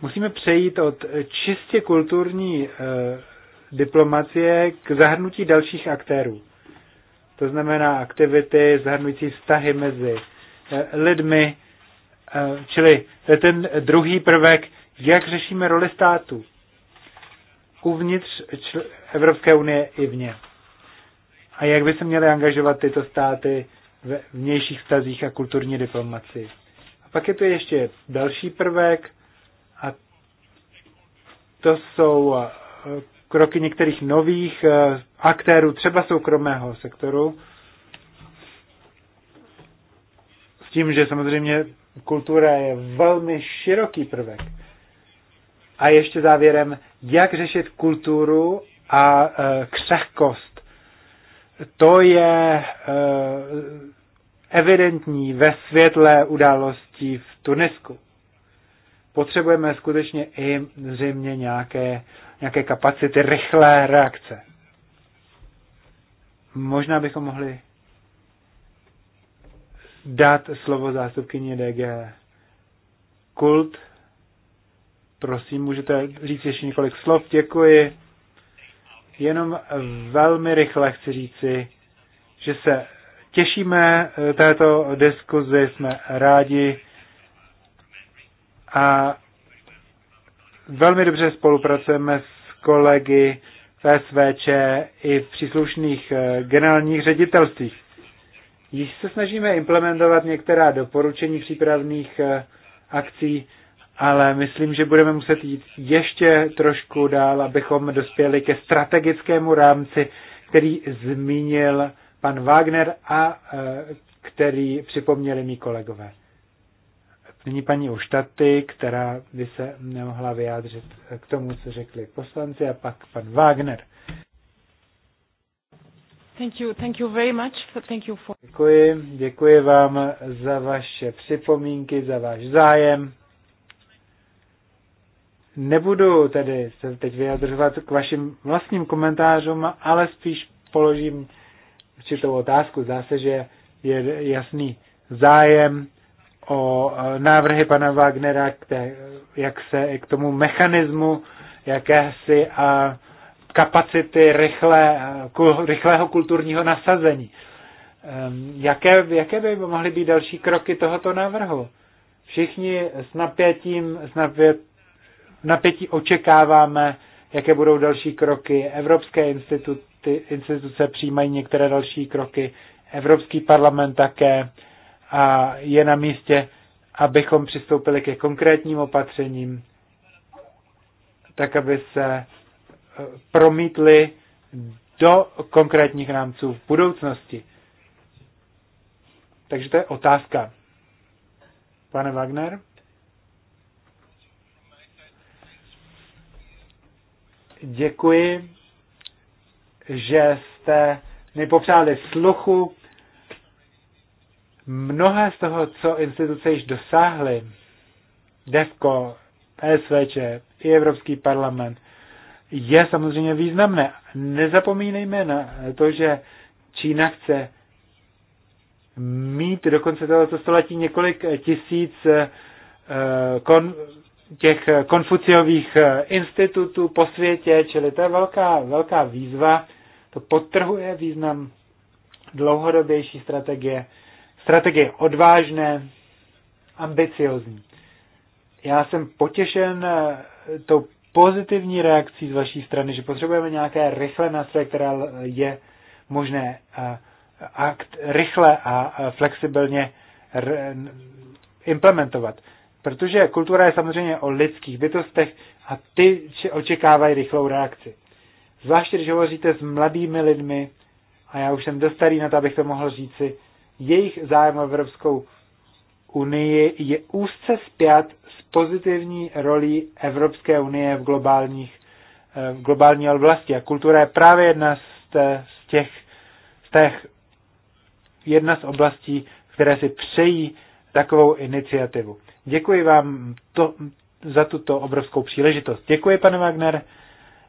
musíme přejít od čistě kulturní diplomacie k zahrnutí dalších aktérů. To znamená aktivity zahrnující vztahy mezi eh, lidmi, eh, čili to je ten druhý prvek, jak řešíme roli států uvnitř Evropské unie i vně. A jak by se měly angažovat tyto státy ve vnějších vztazích a kulturní diplomacii. A pak je tu ještě další prvek, a to jsou eh, kroky některých nových eh, aktérů, třeba soukromého sektoru, s tím, že samozřejmě kultura je velmi široký prvek. A ještě závěrem, jak řešit kulturu a eh, křehkost. To je eh, evidentní ve světlé události v Tunisku. Potřebujeme skutečně i zřejmě nějaké nějaké kapacity rychlé reakce. Možná bychom mohli dát slovo zástupkyně DG Kult. Prosím, můžete říct ještě několik slov. Děkuji. Jenom velmi rychle chci říci, že se těšíme této diskuzi, jsme rádi a Velmi dobře spolupracujeme s kolegy v SVČ i v příslušných eh, generálních ředitelstvích. Již se snažíme implementovat některá doporučení přípravných eh, akcí, ale myslím, že budeme muset jít ještě trošku dál, abychom dospěli ke strategickému rámci, který zmínil pan Wagner a eh, který připomněli mý kolegové. Nyní paní Uštaty, která by se nemohla vyjádřit k tomu, co řekli poslanci, a pak pan Wagner. Thank you, thank you very much. Thank you for... Děkuji, děkuji vám za vaše připomínky, za váš zájem. Nebudu tedy se teď vyjadřovat k vašim vlastním komentářům, ale spíš položím určitou otázku. Zdá se, že je jasný zájem o e, návrhy pana Wagnera, jak se k tomu mechanismu jakési a kapacity rychlé, rychlého kulturního nasazení. Jaké, jaké by mohly být další kroky tohoto návrhu? Všichni s napětím, s napět, napětí očekáváme, jaké budou další kroky. Evropské instituty, instituce přijímají některé další kroky. Evropský parlament také a je na místě, abychom přistoupili ke konkrétním opatřením, tak aby se eh, promítli do konkrétních rámců v budoucnosti. Takže to je otázka. Pane Wagner? Děkuji, že jste mi popřáli sluchu mnohé z toho, co instituce již dosáhly, DEFCO, SVČ i Evropský parlament, je samozřejmě významné. Nezapomínejme na to, že Čína chce mít do konce tohoto století několik tisíc eh, kon, těch konfuciových eh, institutů po světě, čili to je velká, velká výzva. To potrhuje význam dlouhodobější strategie strategie odvážné, ambiciozní. Já jsem potěšen eh, tou pozitivní reakcí z vaší strany, že potřebujeme nějaké rychlé nástroje, které je možné eh, akt rychle a eh, flexibilně implementovat. Protože kultura je samozřejmě o lidských bytostech a ty očekávají rychlou reakci. Zvláště, když hovoříte s mladými lidmi, a já už jsem dost starý na to, abych to mohl říci, jejich zájem o Evropskou unii je úzce spjat s pozitivní rolí Evropské unie v, globálních, eh, v globální oblasti. A kultura je právě jedna z těch, z těch jedna z oblastí, které si přejí takovou iniciativu. Děkuji vám to, za tuto obrovskou příležitost. Děkuji, pane Wagner.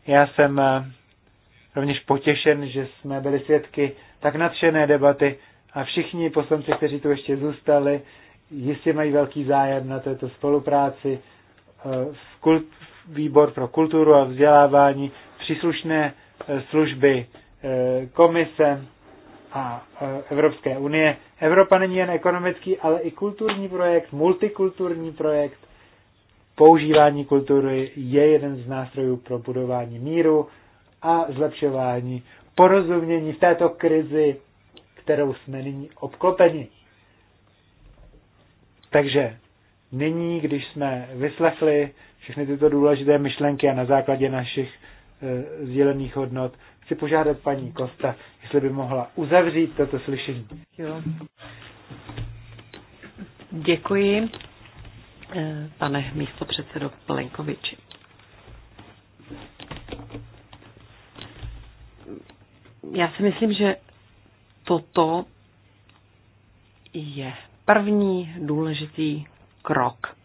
Já jsem eh, rovněž potěšen, že jsme byli svědky tak nadšené debaty a všichni poslanci, kteří tu ještě zůstali, jistě mají velký zájem na této spolupráci. Eh, v kult, výbor pro kulturu a vzdělávání, příslušné eh, služby eh, komise a Evropské unie. Evropa není jen ekonomický, ale i kulturní projekt, multikulturní projekt. Používání kultury je jeden z nástrojů pro budování míru a zlepšování porozumění v této krizi kterou jsme nyní obklopeni. Takže nyní, když jsme vyslechli všechny tyto důležité myšlenky a na základě našich e, eh, sdělených hodnot, chci požádat paní Kosta, jestli by mohla uzavřít toto slyšení. Jo. Děkuji, eh, pane místopředsedo Plenkoviči. Já si myslím, že toto je první důležitý krok.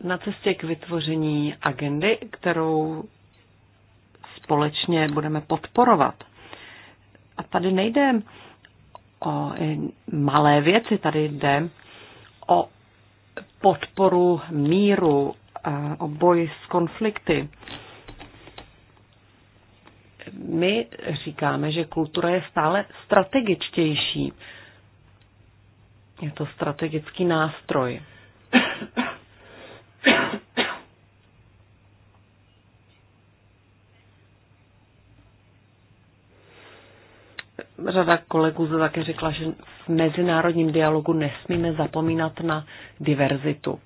Na cestě k vytvoření agendy, kterou společně budeme podporovat. A tady nejde o malé věci, tady jde o podporu míru, o boj s konflikty my říkáme, že kultura je stále strategičtější. Je to strategický nástroj. Řada kolegů se také řekla, že v mezinárodním dialogu nesmíme zapomínat na diverzitu.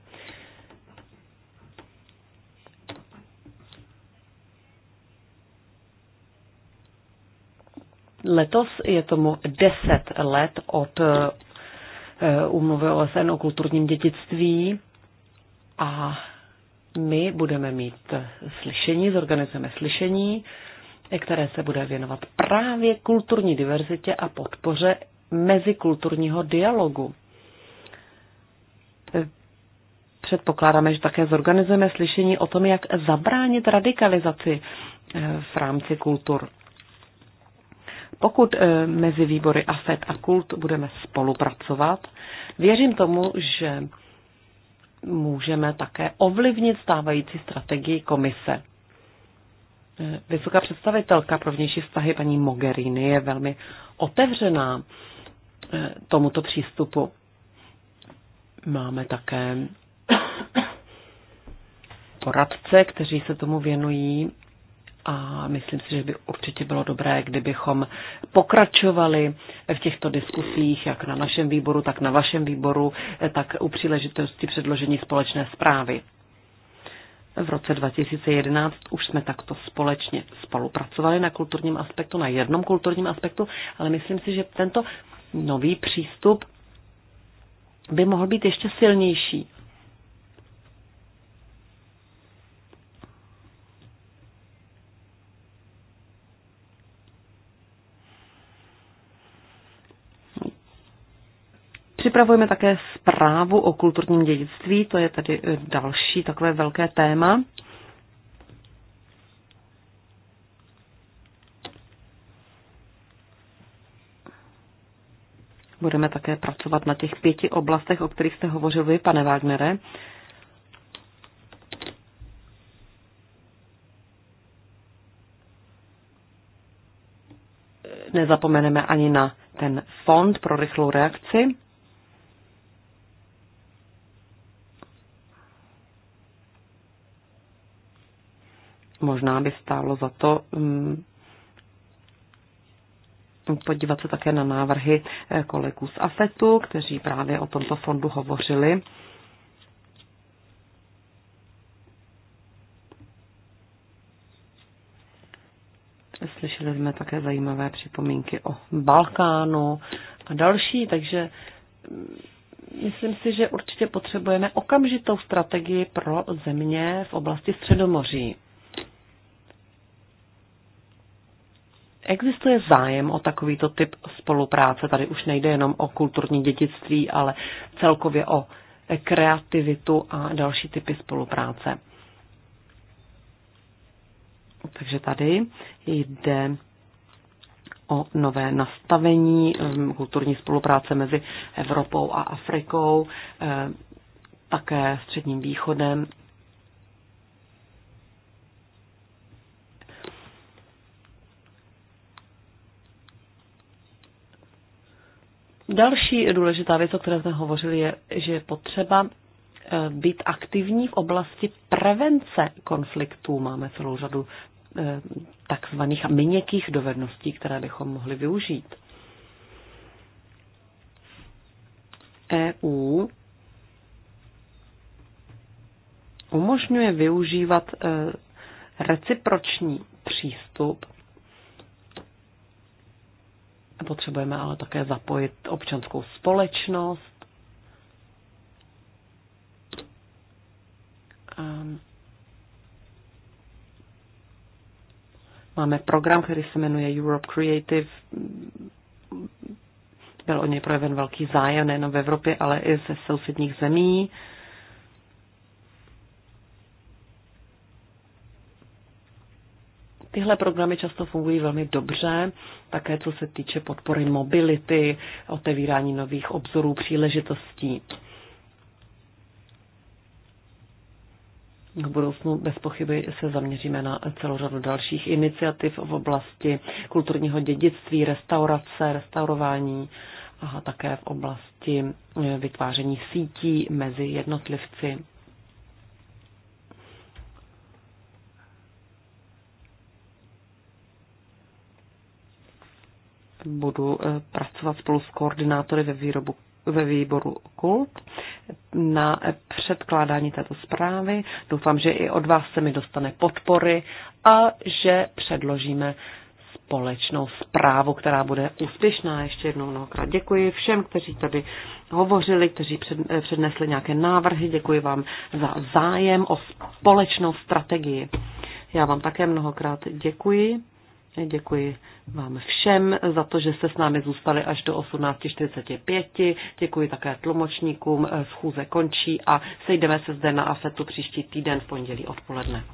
Letos je tomu 10 let od eh, eh, úmluvy OSN o kulturním dědictví a my budeme mít slyšení, zorganizujeme slyšení, které se bude věnovat právě kulturní diverzitě a podpoře mezikulturního dialogu. Eh, předpokládáme, že také zorganizujeme slyšení o tom, jak zabránit radikalizaci v rámci kultur pokud eh, mezi výbory AFET a KULT budeme spolupracovat, věřím tomu, že můžeme také ovlivnit stávající strategii komise. Eh, vysoká představitelka pro vnější vztahy paní Mogherini je velmi otevřená eh, tomuto přístupu. Máme také poradce, kteří se tomu věnují a myslím si, že by určitě bylo dobré, kdybychom pokračovali v těchto diskusích, jak na našem výboru, tak na vašem výboru, tak u příležitosti předložení společné zprávy. V roce 2011 už jsme takto společně spolupracovali na kulturním aspektu, na jednom kulturním aspektu, ale myslím si, že tento nový přístup by mohl být ještě silnější. Připravujeme také zprávu o kulturním dědictví, to je tady eh, další takové velké téma. Budeme také pracovat na těch pěti oblastech, o kterých jste hovořil vy, pane Wagnere. Nezapomeneme ani na ten fond pro rychlou reakci. Možná by stálo za to mm, podívat se také na návrhy eh, kolegů z AFETu, kteří právě o tomto fondu hovořili. Slyšeli jsme také zajímavé připomínky o Balkánu a další, takže mm, myslím si, že určitě potřebujeme okamžitou strategii pro země v oblasti Středomoří. Existuje zájem o takovýto typ spolupráce. Tady už nejde jenom o kulturní dědictví, ale celkově o kreativitu a další typy spolupráce. Takže tady jde o nové nastavení ehm, kulturní spolupráce mezi Evropou a Afrikou, ehm, také Středním východem Další důležitá věc, o které jsme hovořili, je, že je potřeba eh, být aktivní v oblasti prevence konfliktů. Máme celou řadu eh, takzvaných měkkých dovedností, které bychom mohli využít. EU umožňuje využívat eh, reciproční přístup Potřebujeme ale také zapojit občanskou společnost. Máme program, který se jmenuje Europe Creative. Byl o něj projeven velký zájem nejen v Evropě, ale i ze sousedních zemí. Tyhle programy často fungují velmi dobře, také co se týče podpory mobility, otevírání nových obzorů, příležitostí. V budoucnu bez pochyby se zaměříme na celou řadu dalších iniciativ v oblasti kulturního dědictví, restaurace, restaurování a také v oblasti vytváření sítí mezi jednotlivci. budu eh, pracovat spolu s koordinátory ve, výrobu, ve výboru KULT na eh, předkládání této zprávy. Doufám, že i od vás se mi dostane podpory a že předložíme společnou zprávu, která bude úspěšná. Ještě jednou mnohokrát děkuji všem, kteří tady hovořili, kteří eh, přednesli nějaké návrhy. Děkuji vám za zájem o společnou strategii. Já vám také mnohokrát děkuji. Děkuji vám všem za to, že jste s námi zůstali až do 18.45. Děkuji také tlumočníkům. Eh, schůze končí a sejdeme se zde na AFETu příští týden v pondělí odpoledne.